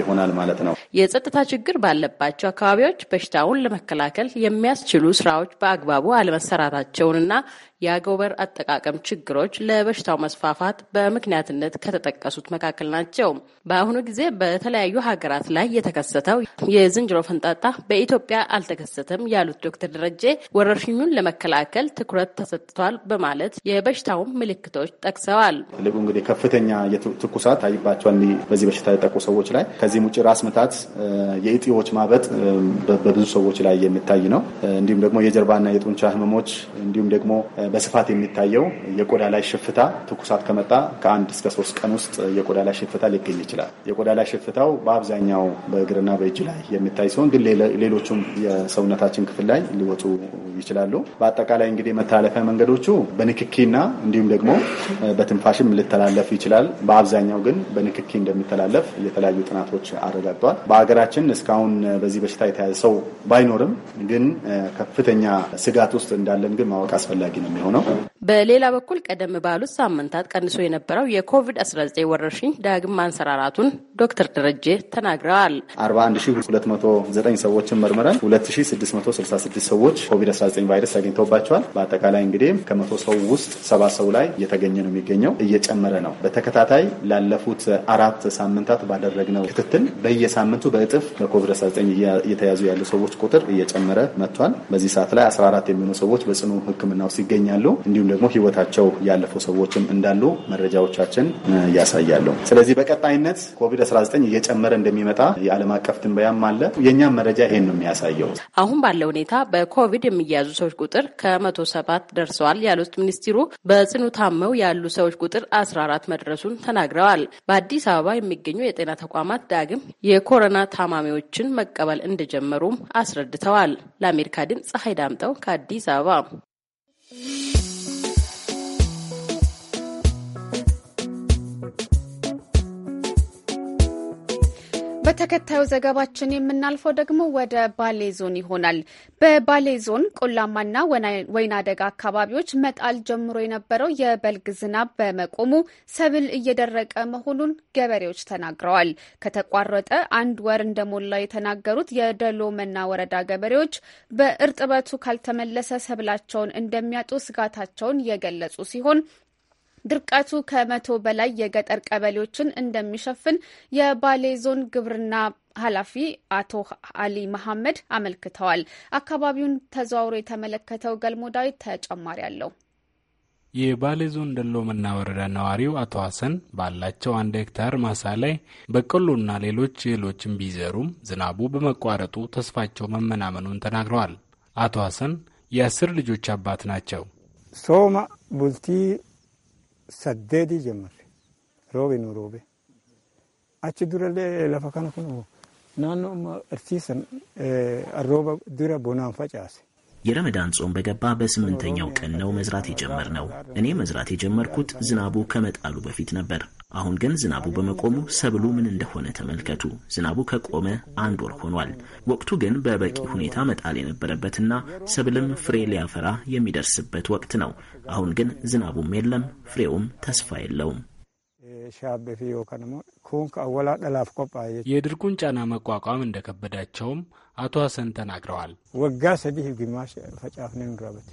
ይሆናል ማለት ነው። የጸጥታ ችግር ባለባቸው አካባቢዎች በሽታውን ለመከላከል የሚያስችሉ ስራዎች በአግባቡ አለመሰራታቸውንና የአጎበር አጠቃቀም ችግሮች ለበሽታው መስፋፋት በምክንያትነት ከተጠቀሱት መካከል ናቸው። በአሁኑ ጊዜ በተለያዩ ሀገራት ላይ የተከሰተው የዝንጀሮ ፈንጣጣ በኢትዮጵያ አልተከሰተም ያሉት ዶክተር ደረጀ ወረርሽኙን ለመከላከል ትኩረት ተሰጥቷል በማለት የበሽታውን ምልክቶች ጠቅሰዋል። ትልቁ እንግዲህ ከፍተኛ ትኩሳት ታይባቸዋል በዚህ በሽታ የጠቁ ሰዎች ላይ ከዚህም ውጭ ራስ ምታት፣ የእጢዎች ማበጥ በብዙ ሰዎች ላይ የሚታይ ነው። እንዲሁም ደግሞ የጀርባና የጡንቻ ህመሞች እንዲሁም ደግሞ በስፋት የሚታየው የቆዳ ላይ ሽፍታ ትኩሳት ከመጣ ከአንድ እስከ ሶስት ቀን ውስጥ የቆዳ ላይ ሽፍታ ሊገኝ ይችላል። የቆዳ ላይ ሽፍታው በአብዛኛው በእግርና በእጅ ላይ የሚታይ ሲሆን ግን ሌሎቹም የሰውነታችን ክፍል ላይ ሊወጡ ይችላሉ። በአጠቃላይ እንግዲህ መተላለፊያ መንገዶቹ በንክኪና እንዲሁም ደግሞ በትንፋሽም ሊተላለፍ ይችላል። በአብዛኛው ግን በንክኪ እንደሚተላለፍ የተለያዩ ጥናቶች አረጋግጧል። በሀገራችን እስካሁን በዚህ በሽታ የተያዘ ሰው ባይኖርም ግን ከፍተኛ ስጋት ውስጥ እንዳለን ግን ማወቅ አስፈላጊ ነው። ¿no? በሌላ በኩል ቀደም ባሉት ሳምንታት ቀንሶ የነበረው የኮቪድ-19 ወረርሽኝ ዳግም ማንሰራራቱን ዶክተር ደረጀ ተናግረዋል። 41209 ሰዎችን መርምረን 2666 ሰዎች ኮቪድ-19 ቫይረስ አግኝተውባቸዋል። በአጠቃላይ እንግዲህ ከመቶ ሰው ውስጥ ሰባ ሰው ላይ እየተገኘ ነው የሚገኘው እየጨመረ ነው። በተከታታይ ላለፉት አራት ሳምንታት ባደረግነው ክትትል በየሳምንቱ በእጥፍ በኮቪድ-19 እየተያዙ ያሉ ሰዎች ቁጥር እየጨመረ መጥቷል። በዚህ ሰዓት ላይ 14 የሚሆኑ ሰዎች በጽኑ ሕክምና ውስጥ ይገኛሉ እንዲሁም ደግሞ ህይወታቸው ያለፉ ሰዎችም እንዳሉ መረጃዎቻችን ያሳያሉ። ስለዚህ በቀጣይነት ኮቪድ-19 እየጨመረ እንደሚመጣ የዓለም አቀፍ ትንበያም አለ። የእኛም መረጃ ይሄን ነው የሚያሳየው። አሁን ባለው ሁኔታ በኮቪድ የሚያዙ ሰዎች ቁጥር ከመቶ ሰባት ደርሰዋል ያሉት ሚኒስትሩ በጽኑ ታመው ያሉ ሰዎች ቁጥር 14 መድረሱን ተናግረዋል። በአዲስ አበባ የሚገኙ የጤና ተቋማት ዳግም የኮሮና ታማሚዎችን መቀበል እንደጀመሩም አስረድተዋል። ለአሜሪካ ድምፅ ፀሐይ ዳምጠው ከአዲስ አበባ በተከታዩ ዘገባችን የምናልፈው ደግሞ ወደ ባሌ ዞን ይሆናል። በባሌ ዞን ቆላማና ወይና ደጋ አካባቢዎች መጣል ጀምሮ የነበረው የበልግ ዝናብ በመቆሙ ሰብል እየደረቀ መሆኑን ገበሬዎች ተናግረዋል። ከተቋረጠ አንድ ወር እንደሞላ የተናገሩት የደሎ መና ወረዳ ገበሬዎች በእርጥበቱ ካልተመለሰ ሰብላቸውን እንደሚያጡ ስጋታቸውን የገለጹ ሲሆን ድርቀቱ ከመቶ በላይ የገጠር ቀበሌዎችን እንደሚሸፍን የባሌ ዞን ግብርና ኃላፊ አቶ አሊ መሐመድ አመልክተዋል። አካባቢውን ተዘዋውሮ የተመለከተው ገልሞ ዳዊት ተጨማሪ አለው። የባሌ ዞን ደሎመና ወረዳ ነዋሪው አቶ ሀሰን ባላቸው አንድ ሄክታር ማሳ ላይ በቆሎና ሌሎች እህሎችን ቢዘሩም ዝናቡ በመቋረጡ ተስፋቸው መመናመኑን ተናግረዋል። አቶ ሀሰን የአስር ልጆች አባት ናቸው። ሶማ ቡልቲ saddeeti jammarre roobe nu roobe achi durallee lafa kana kun naannoo amma irsiisan arrooba dura bonaan facaase. የረመዳን ጾም በገባ በስምንተኛው ቀን ነው መዝራት የጀመር ነው። እኔ መዝራት የጀመርኩት ዝናቡ ከመጣሉ በፊት ነበር። አሁን ግን ዝናቡ በመቆሙ ሰብሉ ምን እንደሆነ ተመልከቱ። ዝናቡ ከቆመ አንድ ወር ሆኗል። ወቅቱ ግን በበቂ ሁኔታ መጣል የነበረበትና ሰብልም ፍሬ ሊያፈራ የሚደርስበት ወቅት ነው። አሁን ግን ዝናቡም የለም፣ ፍሬውም ተስፋ የለውም። የድርቁን ጫና መቋቋም እንደከበዳቸውም አቶ ሀሰን ተናግረዋል። ወጋ ሰዲህ ግማሽ ፈጫፍ ንራበት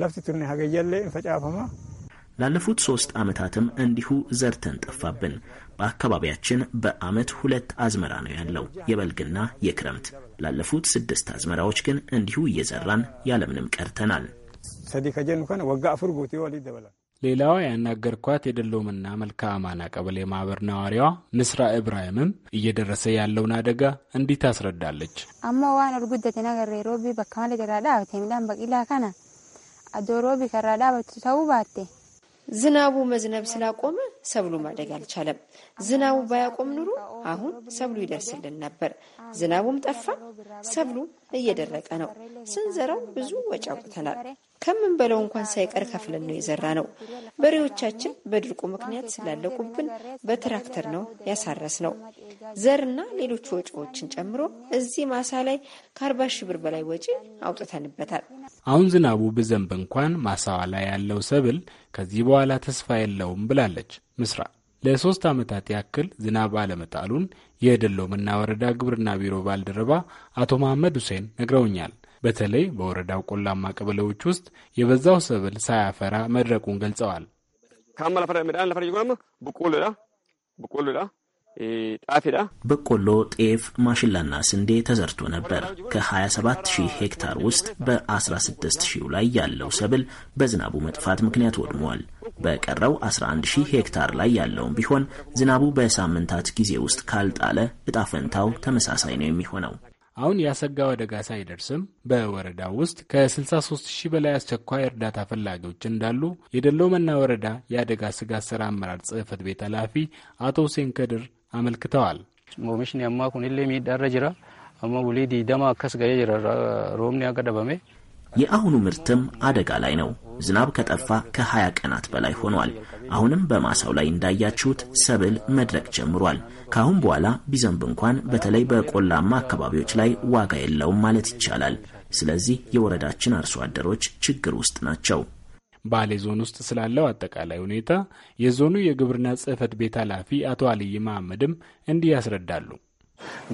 ለፍትቱን ሀገየለ ፈጫፈማ ላለፉት ሶስት ዓመታትም እንዲሁ ዘርተን ጠፋብን። በአካባቢያችን በዓመት ሁለት አዝመራ ነው ያለው የበልግና የክረምት። ላለፉት ስድስት አዝመራዎች ግን እንዲሁ እየዘራን ያለምንም ቀርተናል። ሌላዋ ያናገርኳት የደሎምና መልክዓ አማና ቀበሌ ማህበር ነዋሪዋ ንስራ እብራሂምም እየደረሰ ያለውን አደጋ እንዲህ ታስረዳለች። አማ ዋን ኦልጉደቴ ነገሬ ሮቢ በካማ ጀራ ዳብቴ ሚዳን በቂላ ከና አዶ ሮቢ ከራዳ በቱ ሰው ባቴ ዝናቡ መዝነብ ስላቆመ ሰብሉ ማደግ አልቻለም። ዝናቡ ባያቆም ኑሮ አሁን ሰብሉ ይደርስልን ነበር። ዝናቡም ጠፋ፣ ሰብሉ እየደረቀ ነው። ስንዘራው ብዙ ወጪ አውጥተናል። በለው እንኳን ሳይቀር ከፍለን ነው የዘራ ነው። በሬዎቻችን በድርቁ ምክንያት ስላለቁብን በትራክተር ነው ያሳረስ ነው። ዘርና ሌሎች ወጪዎችን ጨምሮ እዚህ ማሳ ላይ ከአርባ ሺህ ብር በላይ ወጪ አውጥተንበታል። አሁን ዝናቡ ብዘንብ እንኳን ማሳዋ ላይ ያለው ሰብል ከዚህ በኋላ ተስፋ የለውም ብላለች ምስራ። ለሶስት ዓመታት ያክል ዝናብ አለመጣሉን የደሎምና ወረዳ ግብርና ቢሮ ባልደረባ አቶ መሐመድ ሁሴን ነግረውኛል። በተለይ በወረዳው ቆላማ ቀበሌዎች ውስጥ የበዛው ሰብል ሳያፈራ መድረቁን ገልጸዋል። በቆሎ፣ ጤፍ፣ ማሽላና ስንዴ ተዘርቶ ነበር። ከ27 ሺህ ሄክታር ውስጥ በ16 ሺው ላይ ያለው ሰብል በዝናቡ መጥፋት ምክንያት ወድሟል። በቀረው 11 ሺህ ሄክታር ላይ ያለውም ቢሆን ዝናቡ በሳምንታት ጊዜ ውስጥ ካልጣለ እጣ ፈንታው ተመሳሳይ ነው የሚሆነው። አሁን ያሰጋው አደጋ ሳይደርስም በወረዳው ውስጥ ከ63 ሺህ በላይ አስቸኳይ እርዳታ ፈላጊዎች እንዳሉ የደሎመና ወረዳ የአደጋ ስጋት ስራ አመራር ጽሕፈት ቤት ኃላፊ አቶ ሁሴን ከድር አመልክተዋል። ኦሚሽን አማ ኩንሌ ሚዳረ ጅራ አማ ቡሊ ዲደማ አከስ ገ ጅራ ሮብኒ አቀደበሜ የአሁኑ ምርትም አደጋ ላይ ነው። ዝናብ ከጠፋ ከ20 ቀናት በላይ ሆኗል። አሁንም በማሳው ላይ እንዳያችሁት ሰብል መድረቅ ጀምሯል። ከአሁን በኋላ ቢዘንብ እንኳን በተለይ በቆላማ አካባቢዎች ላይ ዋጋ የለውም ማለት ይቻላል። ስለዚህ የወረዳችን አርሶ አደሮች ችግር ውስጥ ናቸው። ባሌ ዞን ውስጥ ስላለው አጠቃላይ ሁኔታ የዞኑ የግብርና ጽህፈት ቤት ኃላፊ አቶ አልይ መሐመድም እንዲህ ያስረዳሉ።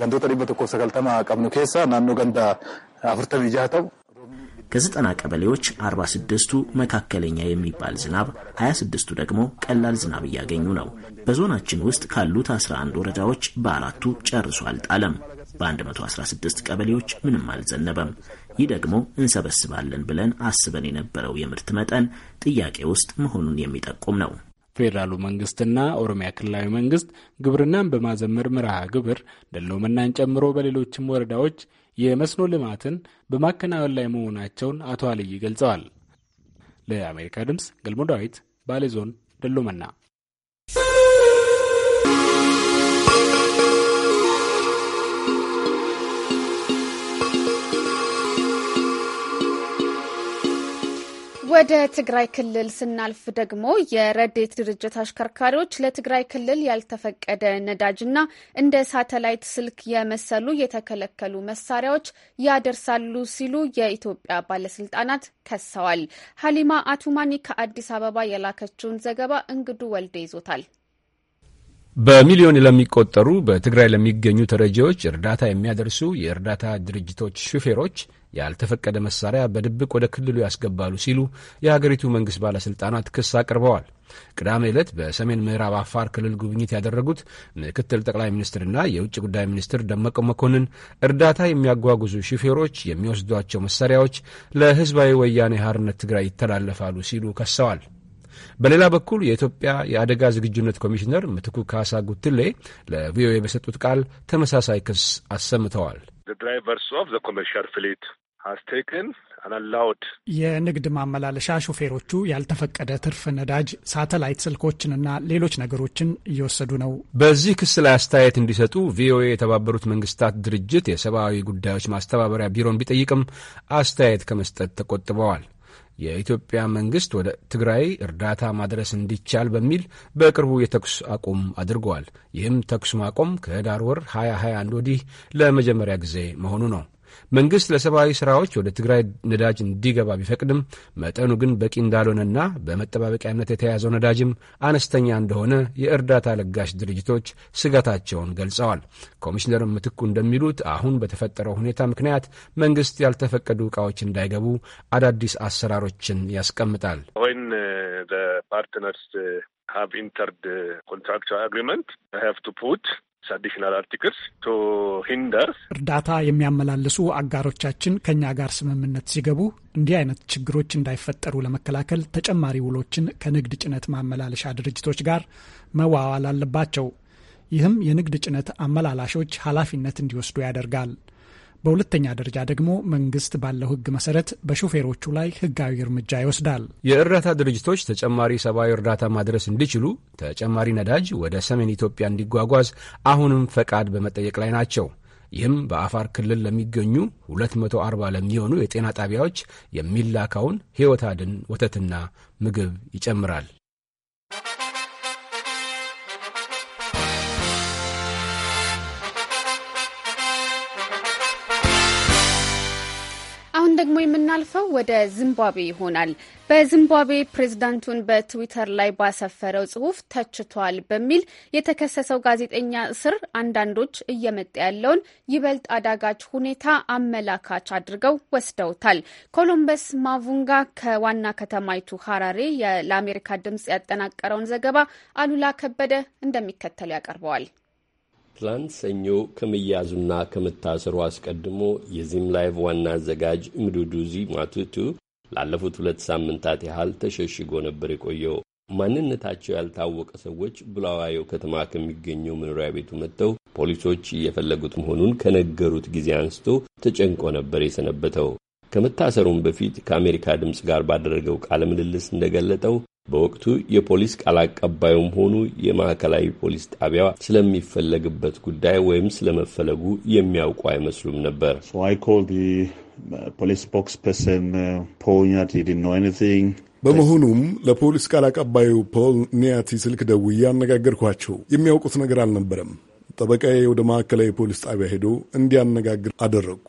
ገንዶተ ዲበ ተኮ ሰገልተማ ቀብኑ ኬሳ ናኖ ገንዳ አፍርተም ይጃተው ከዘጠና ቀበሌዎች 46ቱ መካከለኛ የሚባል ዝናብ፣ 26ቱ ደግሞ ቀላል ዝናብ እያገኙ ነው። በዞናችን ውስጥ ካሉት 11 ወረዳዎች በአራቱ ጨርሶ አልጣለም። በ116 ቀበሌዎች ምንም አልዘነበም። ይህ ደግሞ እንሰበስባለን ብለን አስበን የነበረው የምርት መጠን ጥያቄ ውስጥ መሆኑን የሚጠቁም ነው። ፌዴራሉ መንግስትና ኦሮሚያ ክልላዊ መንግስት ግብርናን በማዘመር መርሃ ግብር ደሎመናን ጨምሮ በሌሎችም ወረዳዎች የመስኖ ልማትን በማከናወን ላይ መሆናቸውን አቶ አልይ ገልጸዋል። ለአሜሪካ ድምፅ ገልሞ ዳዊት ባሌ ዞን ደሎመና ወደ ትግራይ ክልል ስናልፍ ደግሞ የረዴት ድርጅት አሽከርካሪዎች ለትግራይ ክልል ያልተፈቀደ ነዳጅና እንደ ሳተላይት ስልክ የመሰሉ የተከለከሉ መሳሪያዎች ያደርሳሉ ሲሉ የኢትዮጵያ ባለስልጣናት ከሰዋል። ሀሊማ አቱማኒ ከአዲስ አበባ የላከችውን ዘገባ እንግዱ ወልደ ይዞታል። በሚሊዮን ለሚቆጠሩ በትግራይ ለሚገኙ ተረጂዎች እርዳታ የሚያደርሱ የእርዳታ ድርጅቶች ሹፌሮች ያልተፈቀደ መሳሪያ በድብቅ ወደ ክልሉ ያስገባሉ ሲሉ የሀገሪቱ መንግሥት ባለሥልጣናት ክስ አቅርበዋል። ቅዳሜ ዕለት በሰሜን ምዕራብ አፋር ክልል ጉብኝት ያደረጉት ምክትል ጠቅላይ ሚኒስትርና የውጭ ጉዳይ ሚኒስትር ደመቀ መኮንን እርዳታ የሚያጓጉዙ ሹፌሮች የሚወስዷቸው መሳሪያዎች ለህዝባዊ ወያኔ ሀርነት ትግራይ ይተላለፋሉ ሲሉ ከሰዋል። በሌላ በኩል የኢትዮጵያ የአደጋ ዝግጁነት ኮሚሽነር ምትኩ ካሳ ጉትሌ ለቪኦኤ በሰጡት ቃል ተመሳሳይ ክስ አሰምተዋል። የንግድ ማመላለሻ ሾፌሮቹ ያልተፈቀደ ትርፍ ነዳጅ፣ ሳተላይት ስልኮችንና ሌሎች ነገሮችን እየወሰዱ ነው። በዚህ ክስ ላይ አስተያየት እንዲሰጡ ቪኦኤ የተባበሩት መንግስታት ድርጅት የሰብአዊ ጉዳዮች ማስተባበሪያ ቢሮን ቢጠይቅም አስተያየት ከመስጠት ተቆጥበዋል። የኢትዮጵያ መንግስት ወደ ትግራይ እርዳታ ማድረስ እንዲቻል በሚል በቅርቡ የተኩስ አቁም አድርጓል። ይህም ተኩስ ማቆም ከህዳር ወር 2021 ወዲህ ለመጀመሪያ ጊዜ መሆኑ ነው። መንግሥት ለሰብአዊ ሥራዎች ወደ ትግራይ ነዳጅ እንዲገባ ቢፈቅድም መጠኑ ግን በቂ እንዳልሆነና በመጠባበቂያነት የተያዘው ነዳጅም አነስተኛ እንደሆነ የእርዳታ ለጋሽ ድርጅቶች ስጋታቸውን ገልጸዋል። ኮሚሽነር ምትኩ እንደሚሉት አሁን በተፈጠረው ሁኔታ ምክንያት መንግሥት ያልተፈቀዱ ዕቃዎች እንዳይገቡ አዳዲስ አሰራሮችን ያስቀምጣል። ወይን ፓርትነርስ uh, uh, have entered the contractual agreement. አዲሽናል አርቲክልስ ቶ ሂንደር እርዳታ የሚያመላልሱ አጋሮቻችን ከእኛ ጋር ስምምነት ሲገቡ እንዲህ አይነት ችግሮች እንዳይፈጠሩ ለመከላከል ተጨማሪ ውሎችን ከንግድ ጭነት ማመላለሻ ድርጅቶች ጋር መዋዋል አለባቸው። ይህም የንግድ ጭነት አመላላሾች ኃላፊነት እንዲወስዱ ያደርጋል። በሁለተኛ ደረጃ ደግሞ መንግስት ባለው ህግ መሰረት በሾፌሮቹ ላይ ህጋዊ እርምጃ ይወስዳል። የእርዳታ ድርጅቶች ተጨማሪ ሰብአዊ እርዳታ ማድረስ እንዲችሉ ተጨማሪ ነዳጅ ወደ ሰሜን ኢትዮጵያ እንዲጓጓዝ አሁንም ፈቃድ በመጠየቅ ላይ ናቸው። ይህም በአፋር ክልል ለሚገኙ 240 ለሚሆኑ የጤና ጣቢያዎች የሚላካውን ህይወት አድን ወተትና ምግብ ይጨምራል። ደግሞ የምናልፈው ወደ ዚምባብዌ ይሆናል። በዚምባብዌ ፕሬዝዳንቱን በትዊተር ላይ ባሰፈረው ጽሁፍ ተችቷል በሚል የተከሰሰው ጋዜጠኛ እስር አንዳንዶች እየመጣ ያለውን ይበልጥ አዳጋች ሁኔታ አመላካች አድርገው ወስደውታል። ኮሎምበስ ማቡንጋ ከዋና ከተማይቱ ሀራሬ ለአሜሪካ ድምጽ ያጠናቀረውን ዘገባ አሉላ ከበደ እንደሚከተል ያቀርበዋል። ትላንት ሰኞ ከመያዙና ከመታሰሩ አስቀድሞ የዚም ላይቭ ዋና አዘጋጅ ምዱዱዚ ማቱቱ ላለፉት ሁለት ሳምንታት ያህል ተሸሽጎ ነበር የቆየው። ማንነታቸው ያልታወቀ ሰዎች ቡላዋዮ ከተማ ከሚገኘው መኖሪያ ቤቱ መጥተው ፖሊሶች እየፈለጉት መሆኑን ከነገሩት ጊዜ አንስቶ ተጨንቆ ነበር የሰነበተው። ከመታሰሩም በፊት ከአሜሪካ ድምፅ ጋር ባደረገው ቃለ ምልልስ እንደገለጠው በወቅቱ የፖሊስ ቃል አቀባዩም ሆኑ የማዕከላዊ ፖሊስ ጣቢያ ስለሚፈለግበት ጉዳይ ወይም ስለመፈለጉ የሚያውቁ አይመስሉም ነበር። uh, uh, በመሆኑም ለፖሊስ ቃል አቀባዩ ፖል ኒያቲ ስልክ ደውዬ አነጋገርኳቸው። የሚያውቁት ነገር አልነበረም። ጠበቃዬ ወደ ማዕከላዊ ፖሊስ ጣቢያ ሄዶ እንዲያነጋግር አደረግኩ።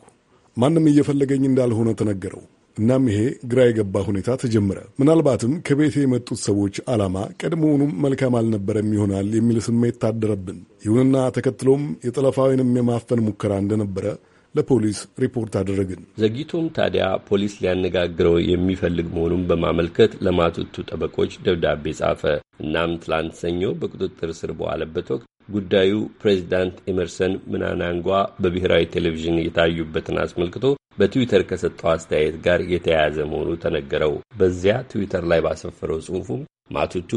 ማንም እየፈለገኝ እንዳልሆነ ተነገረው። እናም ይሄ ግራ የገባ ሁኔታ ተጀመረ። ምናልባትም ከቤት የመጡት ሰዎች ዓላማ ቀድሞውኑም መልካም አልነበረም ይሆናል የሚል ስሜት ታደረብን። ይሁንና ተከትሎም የጠለፋዊንም የማፈን ሙከራ እንደነበረ ለፖሊስ ሪፖርት አደረግን። ዘግይቶም ታዲያ ፖሊስ ሊያነጋግረው የሚፈልግ መሆኑን በማመልከት ለማቱቱ ጠበቆች ደብዳቤ ጻፈ። እናም ትላንት ሰኞ በቁጥጥር ስር በዋለበት ወቅት ጉዳዩ ፕሬዚዳንት ኤመርሰን ምናናንጓ በብሔራዊ ቴሌቪዥን የታዩበትን አስመልክቶ በትዊተር ከሰጠው አስተያየት ጋር የተያያዘ መሆኑ ተነገረው። በዚያ ትዊተር ላይ ባሰፈረው ጽሑፉም ማቱቱ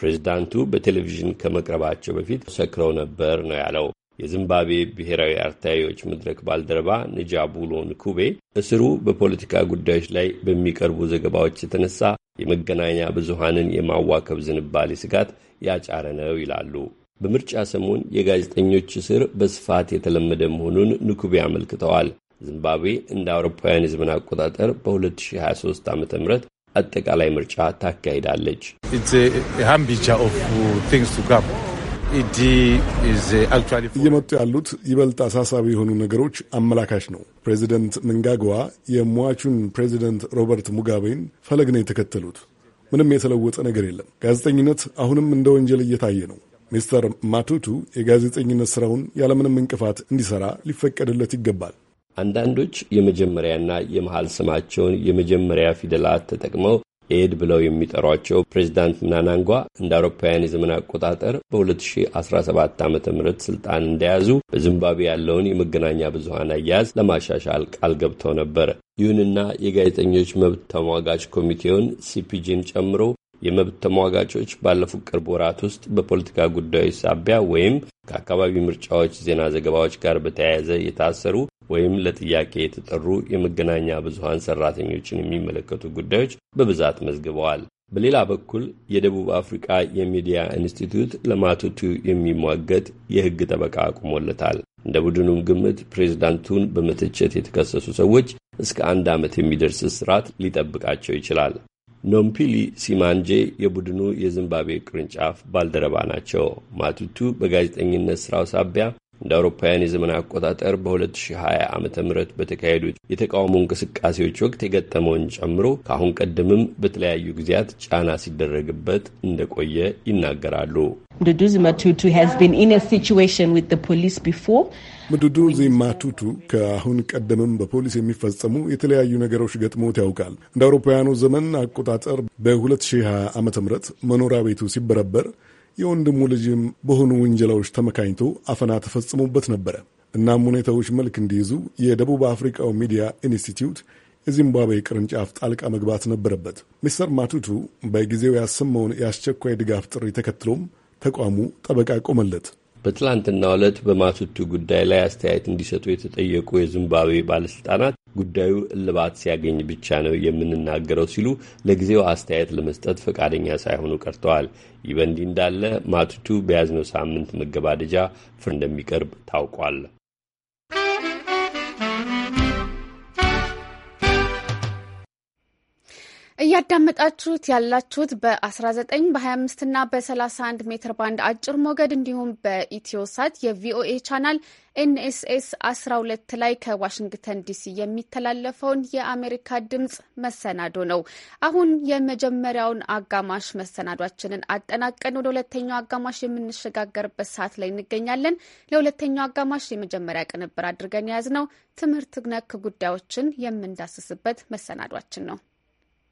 ፕሬዚዳንቱ በቴሌቪዥን ከመቅረባቸው በፊት ሰክረው ነበር ነው ያለው። የዚምባብዌ ብሔራዊ አርታያዎች መድረክ ባልደረባ ንጃቡሎ ንኩቤ እስሩ በፖለቲካ ጉዳዮች ላይ በሚቀርቡ ዘገባዎች የተነሳ የመገናኛ ብዙሃንን የማዋከብ ዝንባሌ ስጋት ያጫረ ነው ይላሉ። በምርጫ ሰሞን የጋዜጠኞች እስር በስፋት የተለመደ መሆኑን ንኩቤ አመልክተዋል። ዚምባብዌ እንደ አውሮፓውያን የዘመን አቆጣጠር በ2023 ዓ ም አጠቃላይ ምርጫ ታካሂዳለች። uh, እየመጡ ያሉት ይበልጥ አሳሳቢ የሆኑ ነገሮች አመላካች ነው። ፕሬዚደንት ምንጋግዋ የሟቹን ፕሬዚደንት ሮበርት ሙጋቤን ፈለግ ነው የተከተሉት። ምንም የተለወጠ ነገር የለም። ጋዜጠኝነት አሁንም እንደ ወንጀል እየታየ ነው። ሚስተር ማቱቱ የጋዜጠኝነት ስራውን ያለምንም እንቅፋት እንዲሰራ ሊፈቀድለት ይገባል። አንዳንዶች የመጀመሪያና የመሃል ስማቸውን የመጀመሪያ ፊደላት ተጠቅመው ኤድ ብለው የሚጠሯቸው ፕሬዚዳንት ምናናንጓ እንደ አውሮፓውያን የዘመን አቆጣጠር በ2017 ዓ ም ስልጣን እንደያዙ በዚምባብዌ ያለውን የመገናኛ ብዙሀን አያያዝ ለማሻሻል ቃል ገብተው ነበር። ይሁንና የጋዜጠኞች መብት ተሟጋች ኮሚቴውን ሲፒጂን ጨምሮ የመብት ተሟጋቾች ባለፉት ቅርብ ወራት ውስጥ በፖለቲካ ጉዳዮች ሳቢያ ወይም ከአካባቢ ምርጫዎች ዜና ዘገባዎች ጋር በተያያዘ የታሰሩ ወይም ለጥያቄ የተጠሩ የመገናኛ ብዙኃን ሰራተኞችን የሚመለከቱ ጉዳዮች በብዛት መዝግበዋል። በሌላ በኩል የደቡብ አፍሪካ የሚዲያ ኢንስቲትዩት ለማቱቱ የሚሟገት የሕግ ጠበቃ አቁሞለታል። እንደ ቡድኑም ግምት ፕሬዝዳንቱን በመተቸት የተከሰሱ ሰዎች እስከ አንድ ዓመት የሚደርስ እስራት ሊጠብቃቸው ይችላል። ኖምፒሊ ሲማንጄ የቡድኑ የዚምባብዌ ቅርንጫፍ ባልደረባ ናቸው። ማቱቱ በጋዜጠኝነት ስራው ሳቢያ እንደ አውሮፓውያን የዘመን አቆጣጠር በ2020 ዓ ም በተካሄዱት የተቃውሞ እንቅስቃሴዎች ወቅት የገጠመውን ጨምሮ ከአሁን ቀደምም በተለያዩ ጊዜያት ጫና ሲደረግበት እንደቆየ ይናገራሉ። ምዱዱዚ ማቱቱ ከአሁን ቀደምም በፖሊስ የሚፈጸሙ የተለያዩ ነገሮች ገጥሞት ያውቃል። እንደ አውሮፓውያኑ ዘመን አቆጣጠር በ2020 ዓ ም መኖሪያ ቤቱ ሲበረበር የወንድሙ ልጅም በሆኑ ውንጀላዎች ተመካኝቶ አፈና ተፈጽሞበት ነበረ። እናም ሁኔታዎች መልክ እንዲይዙ የደቡብ አፍሪካው ሚዲያ ኢንስቲትዩት የዚምባብዌ ቅርንጫፍ ጣልቃ መግባት ነበረበት። ሚስተር ማቱቱ በጊዜው ያሰማውን የአስቸኳይ ድጋፍ ጥሪ ተከትሎም ተቋሙ ጠበቃ ቆመለት። በትላንትና ዕለት በማቱቱ ጉዳይ ላይ አስተያየት እንዲሰጡ የተጠየቁ የዚምባብዌ ባለሥልጣናት ጉዳዩ እልባት ሲያገኝ ብቻ ነው የምንናገረው ሲሉ ለጊዜው አስተያየት ለመስጠት ፈቃደኛ ሳይሆኑ ቀርተዋል። ይህ በእንዲህ እንዳለ ማቱቱ በያዝነው ሳምንት መገባደጃ ፍርድ እንደሚቀርብ ታውቋል። እያዳመጣችሁት ያላችሁት በ19 በ25 እና በ31 ሜትር ባንድ አጭር ሞገድ እንዲሁም በኢትዮሳት የቪኦኤ ቻናል ኤንኤስኤስ 12 ላይ ከዋሽንግተን ዲሲ የሚተላለፈውን የአሜሪካ ድምፅ መሰናዶ ነው። አሁን የመጀመሪያውን አጋማሽ መሰናዷችንን አጠናቀን ወደ ሁለተኛው አጋማሽ የምንሸጋገርበት ሰዓት ላይ እንገኛለን። ለሁለተኛው አጋማሽ የመጀመሪያ ቅንብር አድርገን የያዝነው ትምህርት ነክ ጉዳዮችን የምንዳስስበት መሰናዷችን ነው።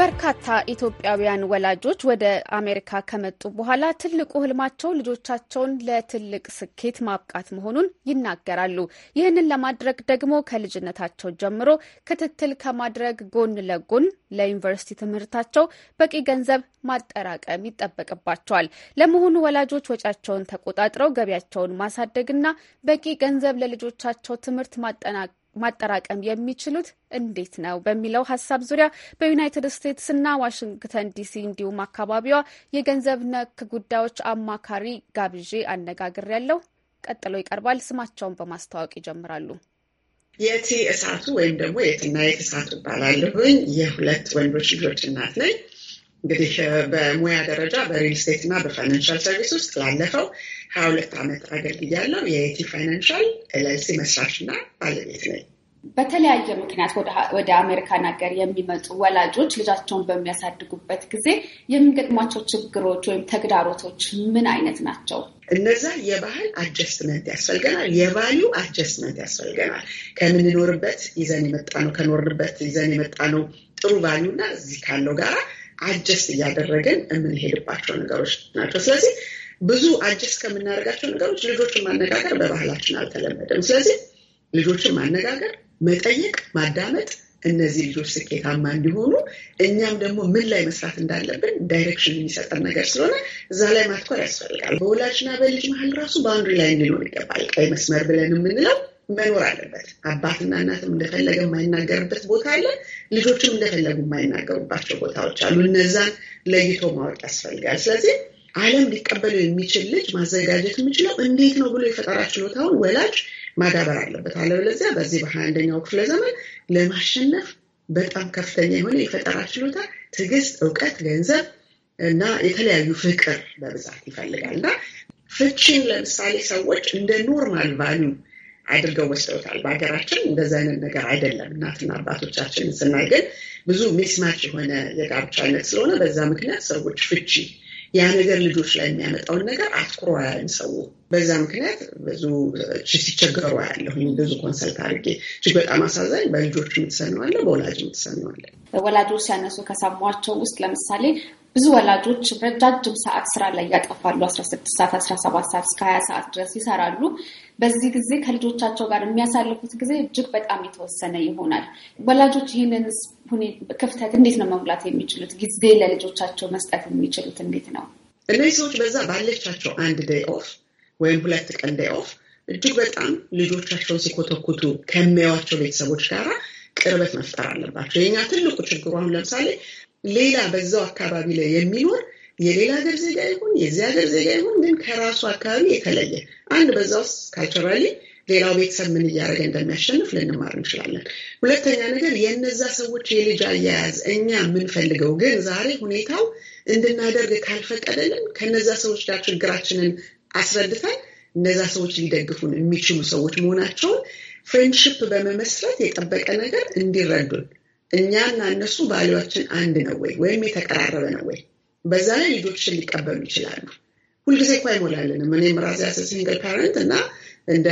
በርካታ ኢትዮጵያውያን ወላጆች ወደ አሜሪካ ከመጡ በኋላ ትልቁ ህልማቸው ልጆቻቸውን ለትልቅ ስኬት ማብቃት መሆኑን ይናገራሉ። ይህንን ለማድረግ ደግሞ ከልጅነታቸው ጀምሮ ክትትል ከማድረግ ጎን ለጎን ለዩኒቨርሲቲ ትምህርታቸው በቂ ገንዘብ ማጠራቀም ይጠበቅባቸዋል። ለመሆኑ ወላጆች ወጪያቸውን ተቆጣጥረው ገቢያቸውን ማሳደግና በቂ ገንዘብ ለልጆቻቸው ትምህርት ማጠናቀ ማጠራቀም የሚችሉት እንዴት ነው በሚለው ሀሳብ ዙሪያ በዩናይትድ ስቴትስ እና ዋሽንግተን ዲሲ እንዲሁም አካባቢዋ የገንዘብ ነክ ጉዳዮች አማካሪ ጋብዤ ያለው ቀጥሎ ይቀርባል። ስማቸውን በማስተዋወቅ ይጀምራሉ። የቲ እሳቱ ወይም ደግሞ የትና የት እሳቱ እባላለሁኝ። የሁለት ወንዶች ልጆች እናት ነኝ። እንግዲህ በሙያ ደረጃ በሪል ስቴት እና በፋይናንሻል ሰርቪስ ውስጥ ላለፈው ሀያ ሁለት ዓመት አገልግያለሁ። የኢቲ ፋይናንሻል ኤልኤልሲ መስራች እና ባለቤት ነኝ። በተለያየ ምክንያት ወደ አሜሪካን ሀገር የሚመጡ ወላጆች ልጃቸውን በሚያሳድጉበት ጊዜ የሚገጥሟቸው ችግሮች ወይም ተግዳሮቶች ምን አይነት ናቸው? እነዛ የባህል አጀስትመንት ያስፈልገናል። የቫሊዩ አጀስትመንት ያስፈልገናል። ከምንኖርበት ይዘን የመጣ ነው ከኖርንበት ይዘን የመጣ ነው ጥሩ ቫሊዩ እና እዚህ ካለው ጋራ አጀስት እያደረገን የምንሄድባቸው ነገሮች ናቸው። ስለዚህ ብዙ አጀስት ከምናደርጋቸው ነገሮች ልጆችን ማነጋገር በባህላችን አልተለመደም። ስለዚህ ልጆችን ማነጋገር፣ መጠየቅ፣ ማዳመጥ እነዚህ ልጆች ስኬታማ እንዲሆኑ እኛም ደግሞ ምን ላይ መስራት እንዳለብን ዳይሬክሽን የሚሰጠን ነገር ስለሆነ እዛ ላይ ማትኮር ያስፈልጋል። በወላጅና በልጅ መሀል ራሱ በአንዱ ላይ እንሆን ይገባል። ቀይ መስመር ብለን የምንለው መኖር አለበት። አባትና እናትም እንደፈለገ የማይናገርበት ቦታ አለ። ልጆችም እንደፈለጉ የማይናገሩባቸው ቦታዎች አሉ። እነዛን ለይቶ ማወቅ ያስፈልጋል። ስለዚህ ዓለም ሊቀበለው የሚችል ልጅ ማዘጋጀት የሚችለው እንዴት ነው ብሎ የፈጠራ ችሎታውን ወላጅ ማዳበር አለበት። አለበለዚያ በዚህ በሀያ አንደኛው ክፍለ ዘመን ለማሸነፍ በጣም ከፍተኛ የሆነ የፈጠራ ችሎታ፣ ትዕግስት፣ እውቀት፣ ገንዘብ እና የተለያዩ ፍቅር በብዛት ይፈልጋል እና ፍቺን ለምሳሌ ሰዎች እንደ ኖርማል ቫሉ አድርገው ወስደውታል። በሀገራችን እንደዚ አይነት ነገር አይደለም። እናትና አባቶቻችን ስናይ ግን ብዙ ሚስማች የሆነ የጋብቻ አይነት ስለሆነ በዛ ምክንያት ሰዎች ፍቺ፣ ያ ነገር ልጆች ላይ የሚያመጣውን ነገር አትኩሮ አያይም ሰው በዛ ምክንያት ብዙ ሲቸገሩ ያለሁኝ ብዙ ኮንሰልት አድርጌ እጅግ በጣም አሳዛኝ በልጆች የምትሰነዋለ በወላጅ የምትሰነዋለ ወላጆች ሲያነሱ ከሰሟቸው ውስጥ ለምሳሌ ብዙ ወላጆች ረጃጅም ሰዓት ስራ ላይ ያጠፋሉ። 16 ሰዓት፣ 17 ሰዓት እስከ 20 ሰዓት ድረስ ይሰራሉ። በዚህ ጊዜ ከልጆቻቸው ጋር የሚያሳልፉት ጊዜ እጅግ በጣም የተወሰነ ይሆናል። ወላጆች ይህንን ክፍተት እንዴት ነው መሙላት የሚችሉት? ጊዜ ለልጆቻቸው መስጠት የሚችሉት እንዴት ነው? እነዚህ ሰዎች በዛ ባለቻቸው አንድ ኦፍ ወይም ሁለት ቀን ዴይ ኦፍ እጅግ በጣም ልጆቻቸውን ሲኮተኩቱ ከሚያዋቸው ቤተሰቦች ጋር ቅርበት መፍጠር አለባቸው። የኛ ትልቁ ችግሩ አሁን ለምሳሌ ሌላ በዛው አካባቢ ላይ የሚኖር የሌላ ሀገር ዜጋ ይሁን የዚህ ሀገር ዜጋ ይሁን ግን ከራሱ አካባቢ የተለየ አንድ በዛ ውስጥ ካልቸራሊ ሌላው ቤተሰብ ምን እያደረገ እንደሚያሸንፍ ልንማር እንችላለን። ሁለተኛ ነገር የነዛ ሰዎች የልጅ አያያዝ እኛ የምንፈልገው ግን ዛሬ ሁኔታው እንድናደርግ ካልፈቀደልን ከነዛ ሰዎች ጋር ችግራችንን አስረድተን እነዛ ሰዎች ሊደግፉን የሚችሉ ሰዎች መሆናቸውን ፍሬንድሽፕ በመመስረት የጠበቀ ነገር እንዲረዱን እኛና እነሱ ባህሪያችን አንድ ነው ወይ ወይም የተቀራረበ ነው ወይ፣ በዛ ላይ ልጆችን ሊቀበሉ ይችላሉ። ሁልጊዜ እኳ አይሞላልንም። እኔም ራሴ ሲንግል ፓረንት እና እንደ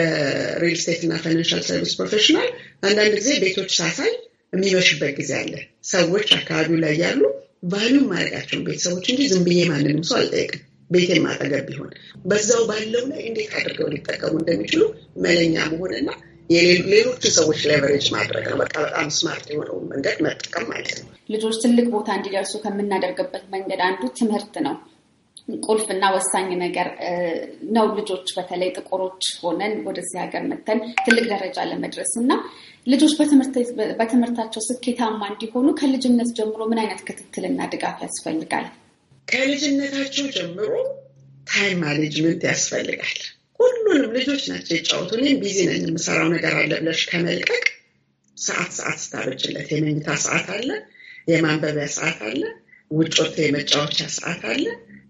ሪል ስቴት እና ፋይናንሻል ሰርቪስ ፕሮፌሽናል አንዳንድ ጊዜ ቤቶች ሳሳይ የሚመሽበት ጊዜ አለ። ሰዎች አካባቢው ላይ ያሉ ቫሊዩም ማድረጋቸውን ቤተሰቦች እንጂ ዝም ብዬ ማንንም ሰው አልጠየቅም። ቤቴም አጠገብ ቢሆን በዛው ባለው ላይ እንዴት አድርገው ሊጠቀሙ እንደሚችሉ መለኛ መሆንና የሌሎቹ ሰዎች ሌቨሬጅ ማድረግ ነው። በቃ በጣም ስማርት የሆነው መንገድ መጠቀም ማለት ነው። ልጆች ትልቅ ቦታ እንዲደርሱ ከምናደርግበት መንገድ አንዱ ትምህርት ነው። ቁልፍ እና ወሳኝ ነገር ነው። ልጆች በተለይ ጥቁሮች ሆነን ወደዚህ ሀገር መተን ትልቅ ደረጃ ለመድረስ እና ልጆች በትምህርታቸው ስኬታማ እንዲሆኑ ከልጅነት ጀምሮ ምን አይነት ክትትልና ድጋፍ ያስፈልጋል? ከልጅነታቸው ጀምሮ ታይም ማኔጅመንት ያስፈልጋል። ሁሉንም ልጆች ናቸው የጫወቱ። እኔም ቢዚ ነኝ የምሰራው ነገር አለ ብለሽ ከመልቀቅ ሰዓት ሰዓት ስታበጅለት፣ የመኝታ ሰዓት አለ፣ የማንበቢያ ሰዓት አለ፣ ውጭ ወጥቶ የመጫወቻ ሰዓት አለ።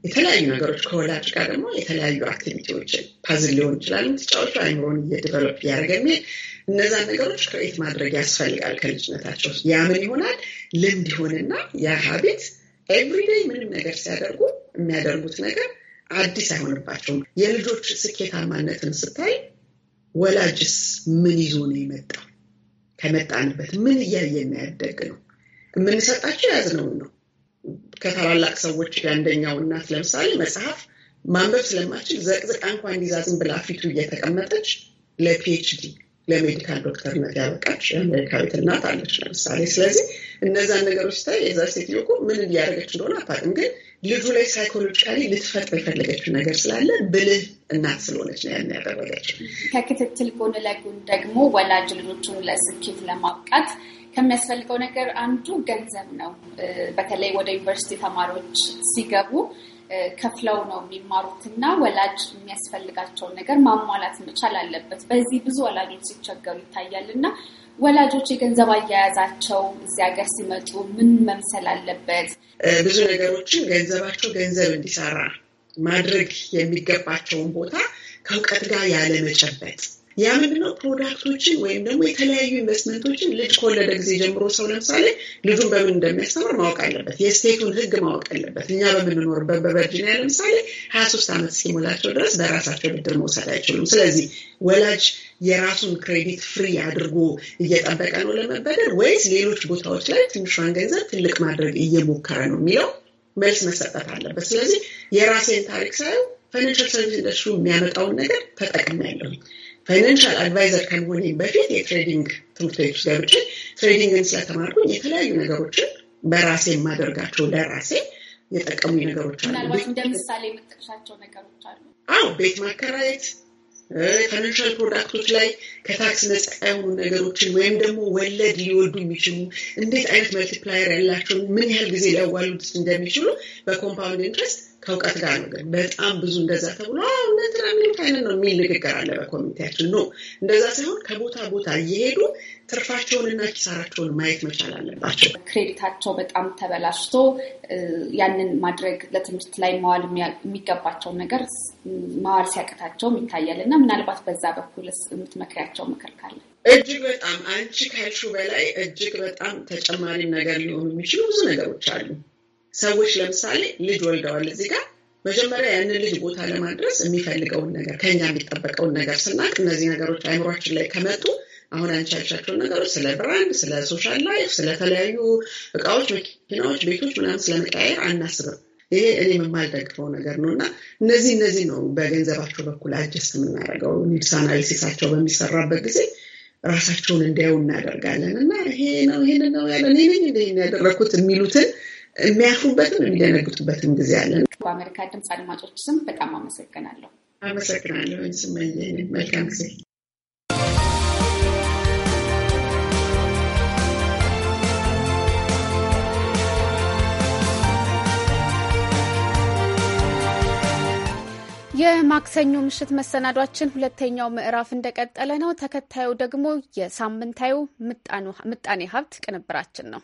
የተለያዩ ነገሮች ከወላጅ ጋር ደግሞ የተለያዩ አክቲቪቲዎችን ፓዝል ሊሆን ይችላል ተጫወቹ አይምሮን እየዲቨሎፕ እያደረገ የሚሄድ እነዛ ነገሮች ክሬት ማድረግ ያስፈልጋል ከልጅነታቸው። ያምን ይሆናል ልምድ ይሆንና ያ ሀቢት ኤቭሪዴይ ምንም ነገር ሲያደርጉ የሚያደርጉት ነገር አዲስ አይሆንባቸውም። የልጆች ስኬታማነትን ስታይ ወላጅስ ምን ይዞ ነው የመጣው? ከመጣንበት ምን እያየን የሚያደግ ነው የምንሰጣቸው? የያዝነውን ነው። ከታላላቅ ሰዎች የአንደኛው እናት ለምሳሌ መጽሐፍ ማንበብ ስለማችል ዘቅዝቃ እንኳን ይዛ ዝም ብላ ፊቱ እየተቀመጠች ለፒኤችዲ ለሜዲካል ዶክተርነት ያበቃች አሜሪካዊት እናት አለች ለምሳሌ። ስለዚህ እነዛን ነገሮች ስታይ የዛ ሴትዮ እኮ ምን እያደረገች እንደሆነ አታውቅም፣ ግን ልጁ ላይ ሳይኮሎጂካሊ ልትፈጥር የፈለገችው ነገር ስላለ ብልህ እናት ስለሆነች ነው ያን ያደረገችው። ከክትትል ጎን ለጎን ደግሞ ወላጅ ልጆቹን ለስኬት ለማብቃት ከሚያስፈልገው ነገር አንዱ ገንዘብ ነው። በተለይ ወደ ዩኒቨርሲቲ ተማሪዎች ሲገቡ ከፍለው ነው የሚማሩት እና ወላጅ የሚያስፈልጋቸውን ነገር ማሟላት መቻል አለበት። በዚህ ብዙ ወላጆች ሲቸገሩ ይታያል እና ወላጆች የገንዘብ አያያዛቸው እዚህ ሀገር ሲመጡ ምን መምሰል አለበት? ብዙ ነገሮችን ገንዘባቸው ገንዘብ እንዲሰራ ማድረግ የሚገባቸውን ቦታ ከእውቀት ጋር ያለመጨበጥ ያ ምንድነው ፕሮዳክቶችን ወይም ደግሞ የተለያዩ ኢንቨስትመንቶችን ልጅ ከወለደ ጊዜ ጀምሮ ሰው ለምሳሌ ልጁን በምን እንደሚያስተምር ማወቅ አለበት። የስቴቱን ህግ ማወቅ አለበት። እኛ በምንኖርበት በቨርጂኒያ ለምሳሌ ሀያ ሶስት ዓመት እስኪሞላቸው ድረስ በራሳቸው ብድር መውሰድ አይችሉም። ስለዚህ ወላጅ የራሱን ክሬዲት ፍሪ አድርጎ እየጠበቀ ነው ለመበደር ወይስ ሌሎች ቦታዎች ላይ ትንሿን ገንዘብ ትልቅ ማድረግ እየሞከረ ነው የሚለው መልስ መሰጠት አለበት። ስለዚህ የራሴን ታሪክ ሳየው ፋይናንሽል ሰርቪስ ኢንዱስትሪ የሚያመጣውን ነገር ተጠቅሜያለሁ። ፋይናንሻል አድቫይዘር ከመሆኔ በፊት የትሬዲንግ ትምህርት ቤት ውስጥ ገብቼ ትሬዲንግን ስለተማርኩኝ የተለያዩ ነገሮችን በራሴ የማደርጋቸው ለራሴ የጠቀሙ ነገሮች አሉ። እንደ ምሳሌ የምጠቅሳቸው ነገሮች አሉ? አዎ፣ ቤት ማከራየት፣ ፋይናንሻል ፕሮዳክቶች ላይ ከታክስ ነፃ የሆኑ ነገሮችን ወይም ደግሞ ወለድ ሊወዱ የሚችሉ እንዴት አይነት መልቲፕላየር ያላቸውን ምን ያህል ጊዜ ሊያዋሉት እንደሚችሉ በኮምፓውንድ ኢንትረስት ከእውቀት ጋር ነው። ግን በጣም ብዙ እንደዛ ተብሎ እውነት የሚሉት አይነት ነው የሚል ንግግር አለ በኮሚቴያችን። ኖ እንደዛ ሳይሆን ከቦታ ቦታ እየሄዱ ትርፋቸውንና ኪሳራቸውን ማየት መቻል አለባቸው። ክሬዲታቸው በጣም ተበላሽቶ ያንን ማድረግ ለትምህርት ላይ መዋል የሚገባቸውን ነገር መዋል ሲያቅታቸውም ይታያል። እና ምናልባት በዛ በኩል የምትመክሪያቸው ምክር ካለ? እጅግ በጣም አንቺ ካልሹ በላይ እጅግ በጣም ተጨማሪ ነገር ሊሆኑ የሚችሉ ብዙ ነገሮች አሉ ሰዎች ለምሳሌ ልጅ ወልደዋል እዚህ ጋር መጀመሪያ ያንን ልጅ ቦታ ለማድረስ የሚፈልገውን ነገር ከኛ የሚጠበቀውን ነገር ስናቅ እነዚህ ነገሮች አይምሯችን ላይ ከመጡ አሁን አንቻቻቸውን ነገሮች ስለ ብራንድ፣ ስለ ሶሻል ላይፍ፣ ስለተለያዩ እቃዎች፣ መኪናዎች፣ ቤቶች ምናምን ስለመቀያየር አናስብም። ይሄ እኔም የማልደግፈው ነገር ነው እና እነዚህ እነዚህ ነው በገንዘባቸው በኩል አጀስት የምናደርገው። ኒድስ አናሊሲሳቸው በሚሰራበት ጊዜ ራሳቸውን እንዲያው እናደርጋለን እና ይሄ ነው ይሄን ነው ያለን ይህን ያደረግኩት የሚሉትን የሚያርፉበትም የሚደነግጡበትም ጊዜ አለ። በአሜሪካ ድምፅ አድማጮች ስም በጣም አመሰግናለሁ። አመሰግናለሁ። መልካም ጊዜ። የማክሰኞ ምሽት መሰናዷችን ሁለተኛው ምዕራፍ እንደቀጠለ ነው። ተከታዩ ደግሞ የሳምንታዩ ምጣኔ ሀብት ቅንብራችን ነው።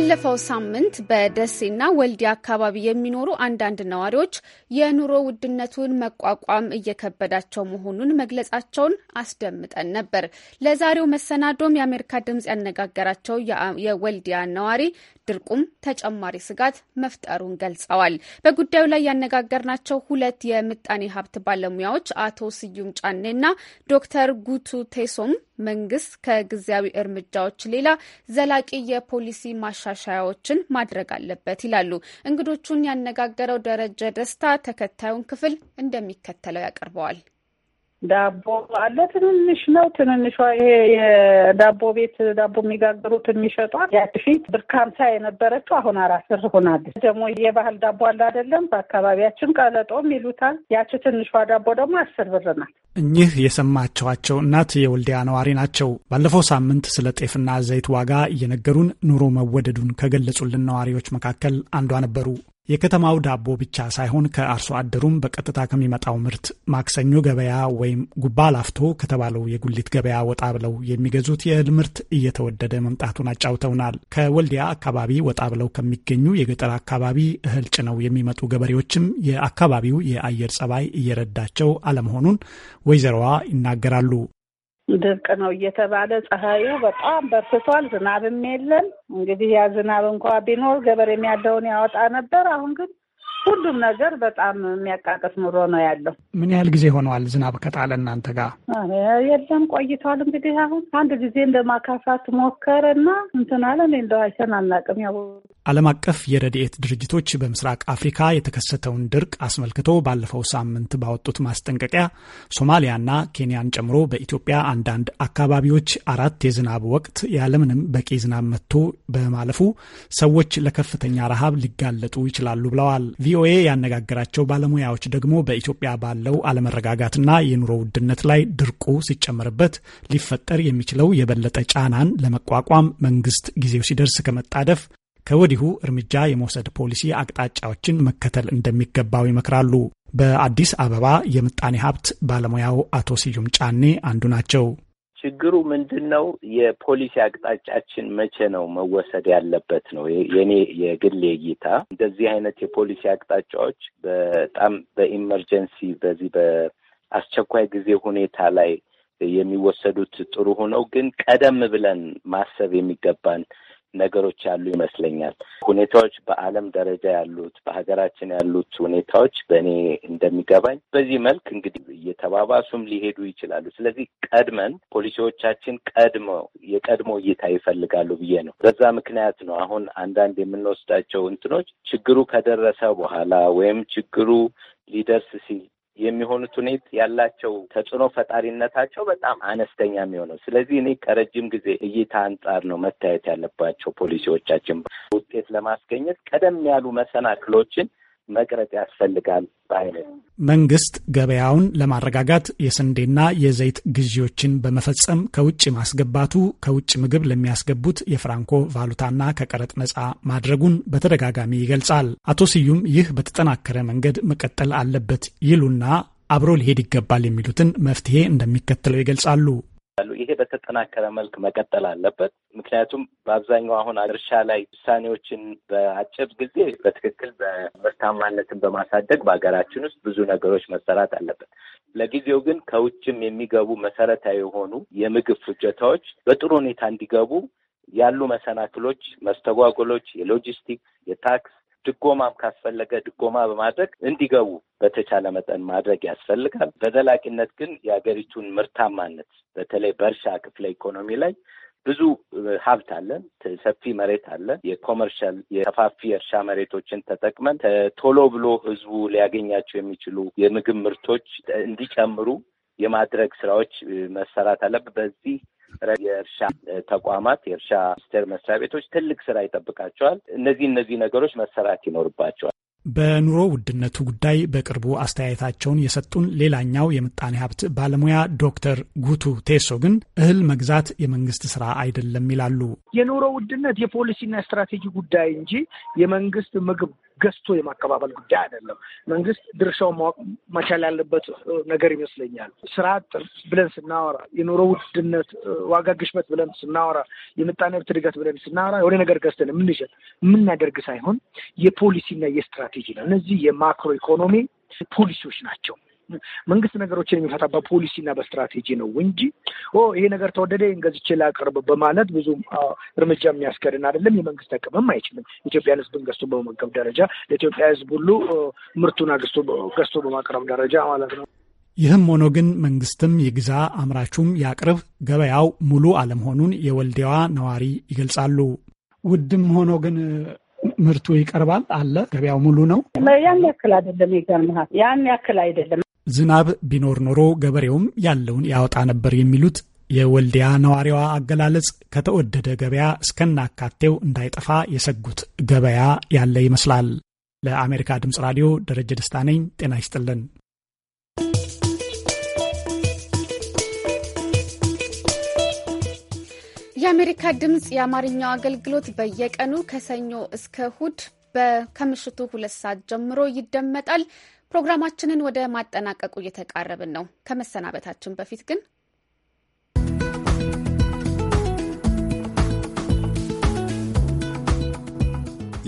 ባለፈው ሳምንት በደሴና ወልዲያ አካባቢ የሚኖሩ አንዳንድ ነዋሪዎች የኑሮ ውድነቱን መቋቋም እየከበዳቸው መሆኑን መግለጻቸውን አስደምጠን ነበር። ለዛሬው መሰናዶም የአሜሪካ ድምፅ ያነጋገራቸው የወልዲያ ነዋሪ ድርቁም ተጨማሪ ስጋት መፍጠሩን ገልጸዋል። በጉዳዩ ላይ ያነጋገርናቸው ሁለት የምጣኔ ሀብት ባለሙያዎች አቶ ስዩም ጫኔ እና ዶክተር ጉቱ ቴሶም መንግስት ከጊዜያዊ እርምጃዎች ሌላ ዘላቂ የፖሊሲ ማሻሻያዎችን ማድረግ አለበት ይላሉ። እንግዶቹን ያነጋገረው ደረጀ ደስታ ተከታዩን ክፍል እንደሚከተለው ያቀርበዋል። ዳቦ አለ። ትንንሽ ነው። ትንንሿ ይሄ የዳቦ ቤት ዳቦ የሚጋግሩት የሚሸጧት ያ ፊት ብር ከሀምሳ የነበረችው አሁን አራት ብር ሆናለች። ደግሞ የባህል ዳቦ አለ አይደለም፣ በአካባቢያችን ቀለጦም ይሉታል። ያቺ ትንሿ ዳቦ ደግሞ አስር ብር ናት። እኚህ የሰማችኋቸው እናት የወልዲያ ነዋሪ ናቸው። ባለፈው ሳምንት ስለ ጤፍና ዘይት ዋጋ እየነገሩን ኑሮ መወደዱን ከገለጹልን ነዋሪዎች መካከል አንዷ ነበሩ። የከተማው ዳቦ ብቻ ሳይሆን ከአርሶ አደሩም በቀጥታ ከሚመጣው ምርት ማክሰኞ ገበያ ወይም ጉባ ላፍቶ ከተባለው የጉሊት ገበያ ወጣ ብለው የሚገዙት የእህል ምርት እየተወደደ መምጣቱን አጫውተውናል። ከወልዲያ አካባቢ ወጣ ብለው ከሚገኙ የገጠር አካባቢ እህል ጭነው የሚመጡ ገበሬዎችም የአካባቢው የአየር ጸባይ እየረዳቸው አለመሆኑን ወይዘሮዋ ይናገራሉ። ድርቅ ነው እየተባለ ፀሐዩ በጣም በርትቷል። ዝናብም የለም። እንግዲህ ያ ዝናብ እንኳ ቢኖር ገበሬ ያለውን ያወጣ ነበር። አሁን ግን ሁሉም ነገር በጣም የሚያቃቅስ ኑሮ ነው ያለው። ምን ያህል ጊዜ ሆነዋል ዝናብ ከጣለ እናንተ ጋር? የለም ቆይቷል። እንግዲህ አሁን አንድ ጊዜ እንደ ማካፋት ሞከረ እና እንትን አለ። እኔ እንደው አይተን አናውቅም ያው ዓለም አቀፍ የረድኤት ድርጅቶች በምስራቅ አፍሪካ የተከሰተውን ድርቅ አስመልክቶ ባለፈው ሳምንት ባወጡት ማስጠንቀቂያ ሶማሊያና ኬንያን ጨምሮ በኢትዮጵያ አንዳንድ አካባቢዎች አራት የዝናብ ወቅት ያለምንም በቂ ዝናብ መጥቶ በማለፉ ሰዎች ለከፍተኛ ረሃብ ሊጋለጡ ይችላሉ ብለዋል። ቪኦኤ ያነጋገራቸው ባለሙያዎች ደግሞ በኢትዮጵያ ባለው አለመረጋጋትና የኑሮ ውድነት ላይ ድርቁ ሲጨመርበት ሊፈጠር የሚችለው የበለጠ ጫናን ለመቋቋም መንግስት ጊዜው ሲደርስ ከመጣደፍ ከወዲሁ እርምጃ የመውሰድ ፖሊሲ አቅጣጫዎችን መከተል እንደሚገባው ይመክራሉ። በአዲስ አበባ የምጣኔ ሀብት ባለሙያው አቶ ስዩም ጫኔ አንዱ ናቸው። ችግሩ ምንድን ነው? የፖሊሲ አቅጣጫችን መቼ ነው መወሰድ ያለበት ነው የኔ የግሌ እይታ። እንደዚህ አይነት የፖሊሲ አቅጣጫዎች በጣም በኢመርጀንሲ በዚህ በአስቸኳይ ጊዜ ሁኔታ ላይ የሚወሰዱት ጥሩ ሆነው ግን ቀደም ብለን ማሰብ የሚገባን ነገሮች ያሉ ይመስለኛል። ሁኔታዎች በዓለም ደረጃ ያሉት በሀገራችን ያሉት ሁኔታዎች በእኔ እንደሚገባኝ በዚህ መልክ እንግዲህ እየተባባሱም ሊሄዱ ይችላሉ። ስለዚህ ቀድመን ፖሊሲዎቻችን ቀድሞ የቀድሞ እይታ ይፈልጋሉ ብዬ ነው። በዛ ምክንያት ነው አሁን አንዳንድ የምንወስዳቸው እንትኖች ችግሩ ከደረሰ በኋላ ወይም ችግሩ ሊደርስ ሲል የሚሆኑት ሁኔት ያላቸው ተጽዕኖ ፈጣሪነታቸው በጣም አነስተኛ የሚሆነው። ስለዚህ እኔ ከረጅም ጊዜ እይታ አንጻር ነው መታየት ያለባቸው ፖሊሲዎቻችን ውጤት ለማስገኘት ቀደም ያሉ መሰናክሎችን መቅረጽ ያስፈልጋል ባይነን። መንግስት ገበያውን ለማረጋጋት የስንዴና የዘይት ግዢዎችን በመፈጸም ከውጭ ማስገባቱ ከውጭ ምግብ ለሚያስገቡት የፍራንኮ ቫሉታና ከቀረጥ ነጻ ማድረጉን በተደጋጋሚ ይገልጻል። አቶ ስዩም ይህ በተጠናከረ መንገድ መቀጠል አለበት ይሉና አብሮ ሊሄድ ይገባል የሚሉትን መፍትሄ እንደሚከተለው ይገልጻሉ። ይሄ በተጠናከረ መልክ መቀጠል አለበት። ምክንያቱም በአብዛኛው አሁን እርሻ ላይ ውሳኔዎችን በአጭር ጊዜ በትክክል በምርታማነትን በማሳደግ በሀገራችን ውስጥ ብዙ ነገሮች መሰራት አለበት። ለጊዜው ግን ከውጭም የሚገቡ መሰረታዊ የሆኑ የምግብ ፍጆታዎች በጥሩ ሁኔታ እንዲገቡ ያሉ መሰናክሎች፣ መስተጓጎሎች፣ የሎጂስቲክስ፣ የታክስ ድጎማም ካስፈለገ ድጎማ በማድረግ እንዲገቡ በተቻለ መጠን ማድረግ ያስፈልጋል። በዘላቂነት ግን የሀገሪቱን ምርታማነት በተለይ በእርሻ ክፍለ ኢኮኖሚ ላይ ብዙ ሀብት አለን፣ ሰፊ መሬት አለን። የኮመርሻል የሰፋፊ እርሻ መሬቶችን ተጠቅመን ቶሎ ብሎ ህዝቡ ሊያገኛቸው የሚችሉ የምግብ ምርቶች እንዲጨምሩ የማድረግ ስራዎች መሰራት አለበት። በዚህ የእርሻ ተቋማት፣ የእርሻ ሚኒስቴር መስሪያ ቤቶች ትልቅ ስራ ይጠብቃቸዋል። እነዚህ እነዚህ ነገሮች መሰራት ይኖርባቸዋል። በኑሮ ውድነቱ ጉዳይ በቅርቡ አስተያየታቸውን የሰጡን ሌላኛው የምጣኔ ሀብት ባለሙያ ዶክተር ጉቱ ቴሶ ግን እህል መግዛት የመንግስት ስራ አይደለም ይላሉ። የኑሮ ውድነት የፖሊሲና ስትራቴጂ ጉዳይ እንጂ የመንግስት ምግብ ገዝቶ የማቀባበል ጉዳይ አይደለም። መንግስት ድርሻውን ማወቅ መቻል ያለበት ነገር ይመስለኛል። ስራ አጥ ብለን ስናወራ፣ የኑሮ ውድነት ዋጋ ግሽበት ብለን ስናወራ፣ የምጣኔ ሀብት እድገት ብለን ስናወራ የሆነ ነገር ገዝተን የምንሸጥ የምናደርግ ሳይሆን የፖሊሲና የስትራቴጂ ነው። እነዚህ የማክሮ ኢኮኖሚ ፖሊሲዎች ናቸው። መንግስት ነገሮችን የሚፈታ በፖሊሲና በስትራቴጂ ነው እንጂ ይሄ ነገር ተወደደ እንገዝቼ ላቅርብ በማለት ብዙ እርምጃ የሚያስከድን አይደለም። የመንግስት አቅምም አይችልም። ኢትዮጵያን ህዝብን ገዝቶ በመመገብ ደረጃ ለኢትዮጵያ ህዝብ ሁሉ ምርቱን ገዝቶ በማቅረብ ደረጃ ማለት ነው። ይህም ሆኖ ግን መንግስትም ይግዛ፣ አምራቹም ያቅርብ፣ ገበያው ሙሉ አለመሆኑን የወልዲያዋ ነዋሪ ይገልጻሉ። ውድም ሆኖ ግን ምርቱ ይቀርባል አለ። ገበያው ሙሉ ነው። ያን ያክል አይደለም። ይገርምሃል፣ ያን ያክል አይደለም። ዝናብ ቢኖር ኖሮ ገበሬውም ያለውን ያወጣ ነበር የሚሉት የወልዲያ ነዋሪዋ አገላለጽ ከተወደደ ገበያ እስከናካቴው እንዳይጠፋ የሰጉት ገበያ ያለ ይመስላል። ለአሜሪካ ድምፅ ራዲዮ ደረጀ ደስታ ነኝ። ጤና ይስጥልን። የአሜሪካ ድምፅ የአማርኛው አገልግሎት በየቀኑ ከሰኞ እስከ እሁድ ከምሽቱ ሁለት ሰዓት ጀምሮ ይደመጣል። ፕሮግራማችንን ወደ ማጠናቀቁ እየተቃረብን ነው። ከመሰናበታችን በፊት ግን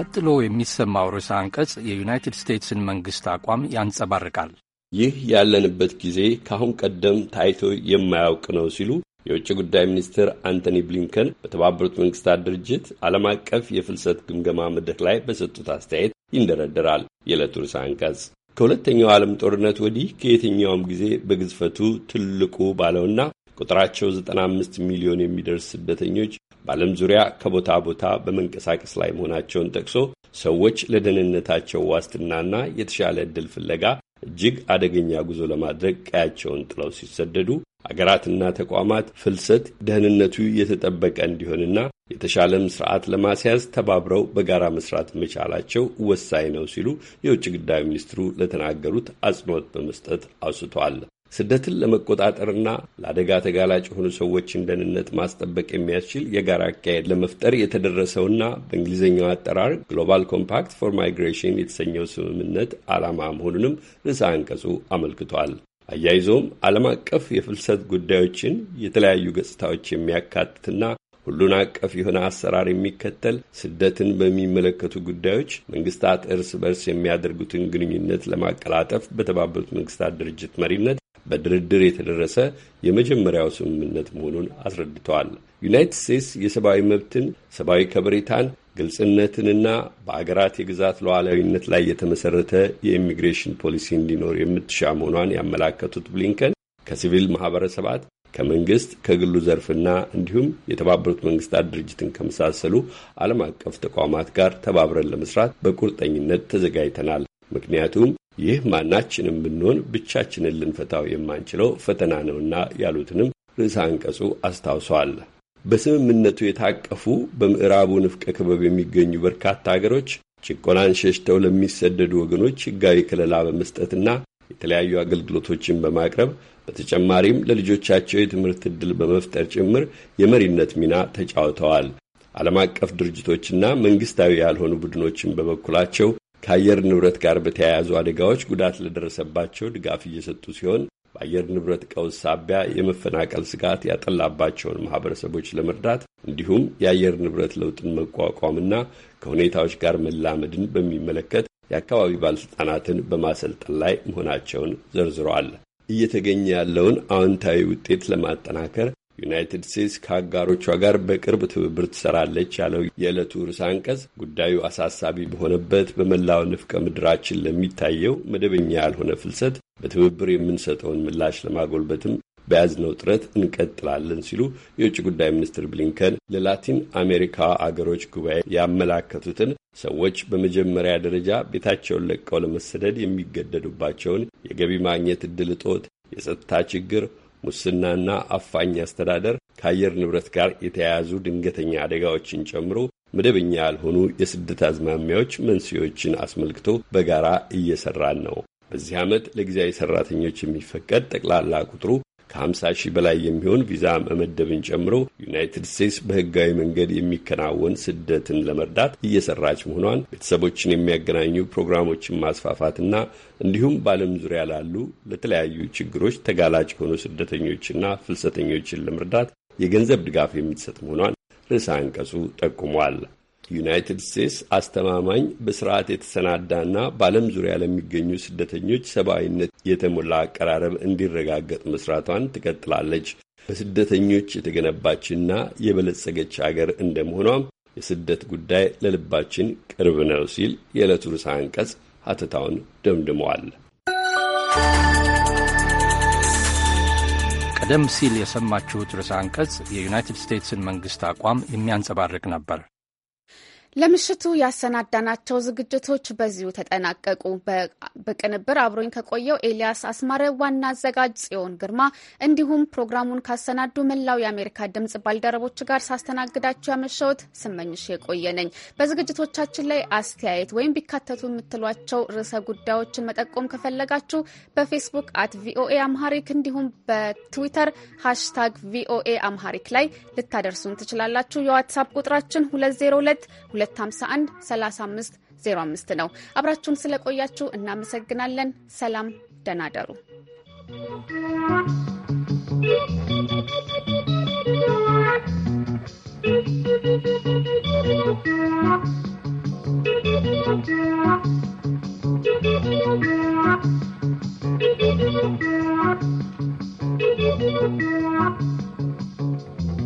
ቀጥሎ የሚሰማው ርዕሰ አንቀጽ የዩናይትድ ስቴትስን መንግሥት አቋም ያንጸባርቃል። ይህ ያለንበት ጊዜ ከአሁን ቀደም ታይቶ የማያውቅ ነው ሲሉ የውጭ ጉዳይ ሚኒስትር አንቶኒ ብሊንከን በተባበሩት መንግስታት ድርጅት ዓለም አቀፍ የፍልሰት ግምገማ መድረክ ላይ በሰጡት አስተያየት ይንደረደራል። የዕለቱ ርዕሰ አንቀጽ ከሁለተኛው ዓለም ጦርነት ወዲህ ከየትኛውም ጊዜ በግዝፈቱ ትልቁ ባለውና ቁጥራቸው 95 ሚሊዮን የሚደርስ ስደተኞች በዓለም ዙሪያ ከቦታ ቦታ በመንቀሳቀስ ላይ መሆናቸውን ጠቅሶ ሰዎች ለደህንነታቸው ዋስትናና የተሻለ ዕድል ፍለጋ እጅግ አደገኛ ጉዞ ለማድረግ ቀያቸውን ጥለው ሲሰደዱ አገራትና ተቋማት ፍልሰት ደህንነቱ የተጠበቀ እንዲሆንና የተሻለም ስርዓት ለማስያዝ ተባብረው በጋራ መስራት መቻላቸው ወሳኝ ነው ሲሉ የውጭ ጉዳይ ሚኒስትሩ ለተናገሩት አጽንኦት በመስጠት አውስቷል። ስደትን ለመቆጣጠርና ለአደጋ ተጋላጭ የሆኑ ሰዎችን ደህንነት ማስጠበቅ የሚያስችል የጋራ አካሄድ ለመፍጠር የተደረሰውና በእንግሊዝኛው አጠራር ግሎባል ኮምፓክት ፎር ማይግሬሽን የተሰኘው ስምምነት ዓላማ መሆኑንም ርዕሰ አንቀጹ አመልክቷል። አያይዞም ዓለም አቀፍ የፍልሰት ጉዳዮችን የተለያዩ ገጽታዎች የሚያካትትና ሁሉን አቀፍ የሆነ አሰራር የሚከተል ስደትን በሚመለከቱ ጉዳዮች መንግስታት እርስ በርስ የሚያደርጉትን ግንኙነት ለማቀላጠፍ በተባበሩት መንግስታት ድርጅት መሪነት በድርድር የተደረሰ የመጀመሪያው ስምምነት መሆኑን አስረድተዋል። ዩናይትድ ስቴትስ የሰብአዊ መብትን፣ ሰብአዊ ከበሬታን፣ ግልጽነትንና በአገራት የግዛት ሉዓላዊነት ላይ የተመሰረተ የኢሚግሬሽን ፖሊሲ እንዲኖር የምትሻ መሆኗን ያመላከቱት ብሊንከን ከሲቪል ማህበረሰባት ከመንግስት ከግሉ ዘርፍና እንዲሁም የተባበሩት መንግስታት ድርጅትን ከመሳሰሉ ዓለም አቀፍ ተቋማት ጋር ተባብረን ለመስራት በቁርጠኝነት ተዘጋጅተናል። ምክንያቱም ይህ ማናችንም ብንሆን ብቻችንን ልንፈታው የማንችለው ፈተና ነውና ያሉትንም ርዕሰ አንቀጹ አስታውሰዋል። በስምምነቱ የታቀፉ በምዕራቡ ንፍቀ ክበብ የሚገኙ በርካታ አገሮች ጭቆናን ሸሽተው ለሚሰደዱ ወገኖች ሕጋዊ ከለላ በመስጠትና የተለያዩ አገልግሎቶችን በማቅረብ በተጨማሪም ለልጆቻቸው የትምህርት ዕድል በመፍጠር ጭምር የመሪነት ሚና ተጫውተዋል። ዓለም አቀፍ ድርጅቶችና መንግስታዊ ያልሆኑ ቡድኖችን በበኩላቸው ከአየር ንብረት ጋር በተያያዙ አደጋዎች ጉዳት ለደረሰባቸው ድጋፍ እየሰጡ ሲሆን በአየር ንብረት ቀውስ ሳቢያ የመፈናቀል ስጋት ያጠላባቸውን ማህበረሰቦች ለመርዳት እንዲሁም የአየር ንብረት ለውጥን መቋቋምና ከሁኔታዎች ጋር መላመድን በሚመለከት የአካባቢ ባለሥልጣናትን በማሰልጠን ላይ መሆናቸውን ዘርዝረዋል። እየተገኘ ያለውን አዎንታዊ ውጤት ለማጠናከር ዩናይትድ ስቴትስ ከአጋሮቿ ጋር በቅርብ ትብብር ትሰራለች ያለው የዕለቱ ርዕሰ አንቀጽ ጉዳዩ አሳሳቢ በሆነበት በመላው ንፍቀ ምድራችን ለሚታየው መደበኛ ያልሆነ ፍልሰት በትብብር የምንሰጠውን ምላሽ ለማጎልበትም በያዝነው ጥረት እንቀጥላለን ሲሉ የውጭ ጉዳይ ሚኒስትር ብሊንከን ለላቲን አሜሪካ አገሮች ጉባኤ ያመላከቱትን ሰዎች በመጀመሪያ ደረጃ ቤታቸውን ለቀው ለመሰደድ የሚገደዱባቸውን የገቢ ማግኘት እድል እጦት፣ የጸጥታ ችግር ሙስናና አፋኝ አስተዳደር ከአየር ንብረት ጋር የተያያዙ ድንገተኛ አደጋዎችን ጨምሮ መደበኛ ያልሆኑ የስደት አዝማሚያዎች መንስኤዎችን አስመልክቶ በጋራ እየሰራን ነው። በዚህ ዓመት ለጊዜያዊ ሰራተኞች የሚፈቀድ ጠቅላላ ቁጥሩ ከ50 ሺህ በላይ የሚሆን ቪዛ መመደብን ጨምሮ ዩናይትድ ስቴትስ በህጋዊ መንገድ የሚከናወን ስደትን ለመርዳት እየሰራች መሆኗን ቤተሰቦችን የሚያገናኙ ፕሮግራሞችን ማስፋፋትና እንዲሁም በዓለም ዙሪያ ላሉ ለተለያዩ ችግሮች ተጋላጭ የሆኑ ስደተኞችና ፍልሰተኞችን ለመርዳት የገንዘብ ድጋፍ የምትሰጥ መሆኗን ርዕሰ አንቀጹ ጠቁሟል። ዩናይትድ ስቴትስ አስተማማኝ በስርዓት የተሰናዳና በዓለም ዙሪያ ለሚገኙ ስደተኞች ሰብአዊነት የተሞላ አቀራረብ እንዲረጋገጥ መስራቷን ትቀጥላለች። በስደተኞች የተገነባችና የበለጸገች አገር እንደመሆኗም የስደት ጉዳይ ለልባችን ቅርብ ነው ሲል የዕለቱ ርዕሰ አንቀጽ ሀተታውን ደምድመዋል። ቀደም ሲል የሰማችሁት ርዕሰ አንቀጽ የዩናይትድ ስቴትስን መንግሥት አቋም የሚያንጸባርቅ ነበር። ለምሽቱ ያሰናዳናቸው ዝግጅቶች በዚሁ ተጠናቀቁ። በቅንብር አብሮኝ ከቆየው ኤልያስ አስማረ፣ ዋና አዘጋጅ ጽዮን ግርማ፣ እንዲሁም ፕሮግራሙን ካሰናዱ መላው የአሜሪካ ድምጽ ባልደረቦች ጋር ሳስተናግዳችሁ ያመሸሁት ስመኝሽ የቆየ ነኝ። በዝግጅቶቻችን ላይ አስተያየት ወይም ቢካተቱ የምትሏቸው ርዕሰ ጉዳዮችን መጠቆም ከፈለጋችሁ በፌስቡክ አት ቪኦኤ አምሃሪክ እንዲሁም በትዊተር ሃሽታግ ቪኦኤ አምሃሪክ ላይ ልታደርሱን ትችላላችሁ። የዋትሳፕ ቁጥራችን 202 251 35 05 ነው። አብራችሁን ስለቆያችሁ እናመሰግናለን። ሰላም፣ ደህና ደሩ።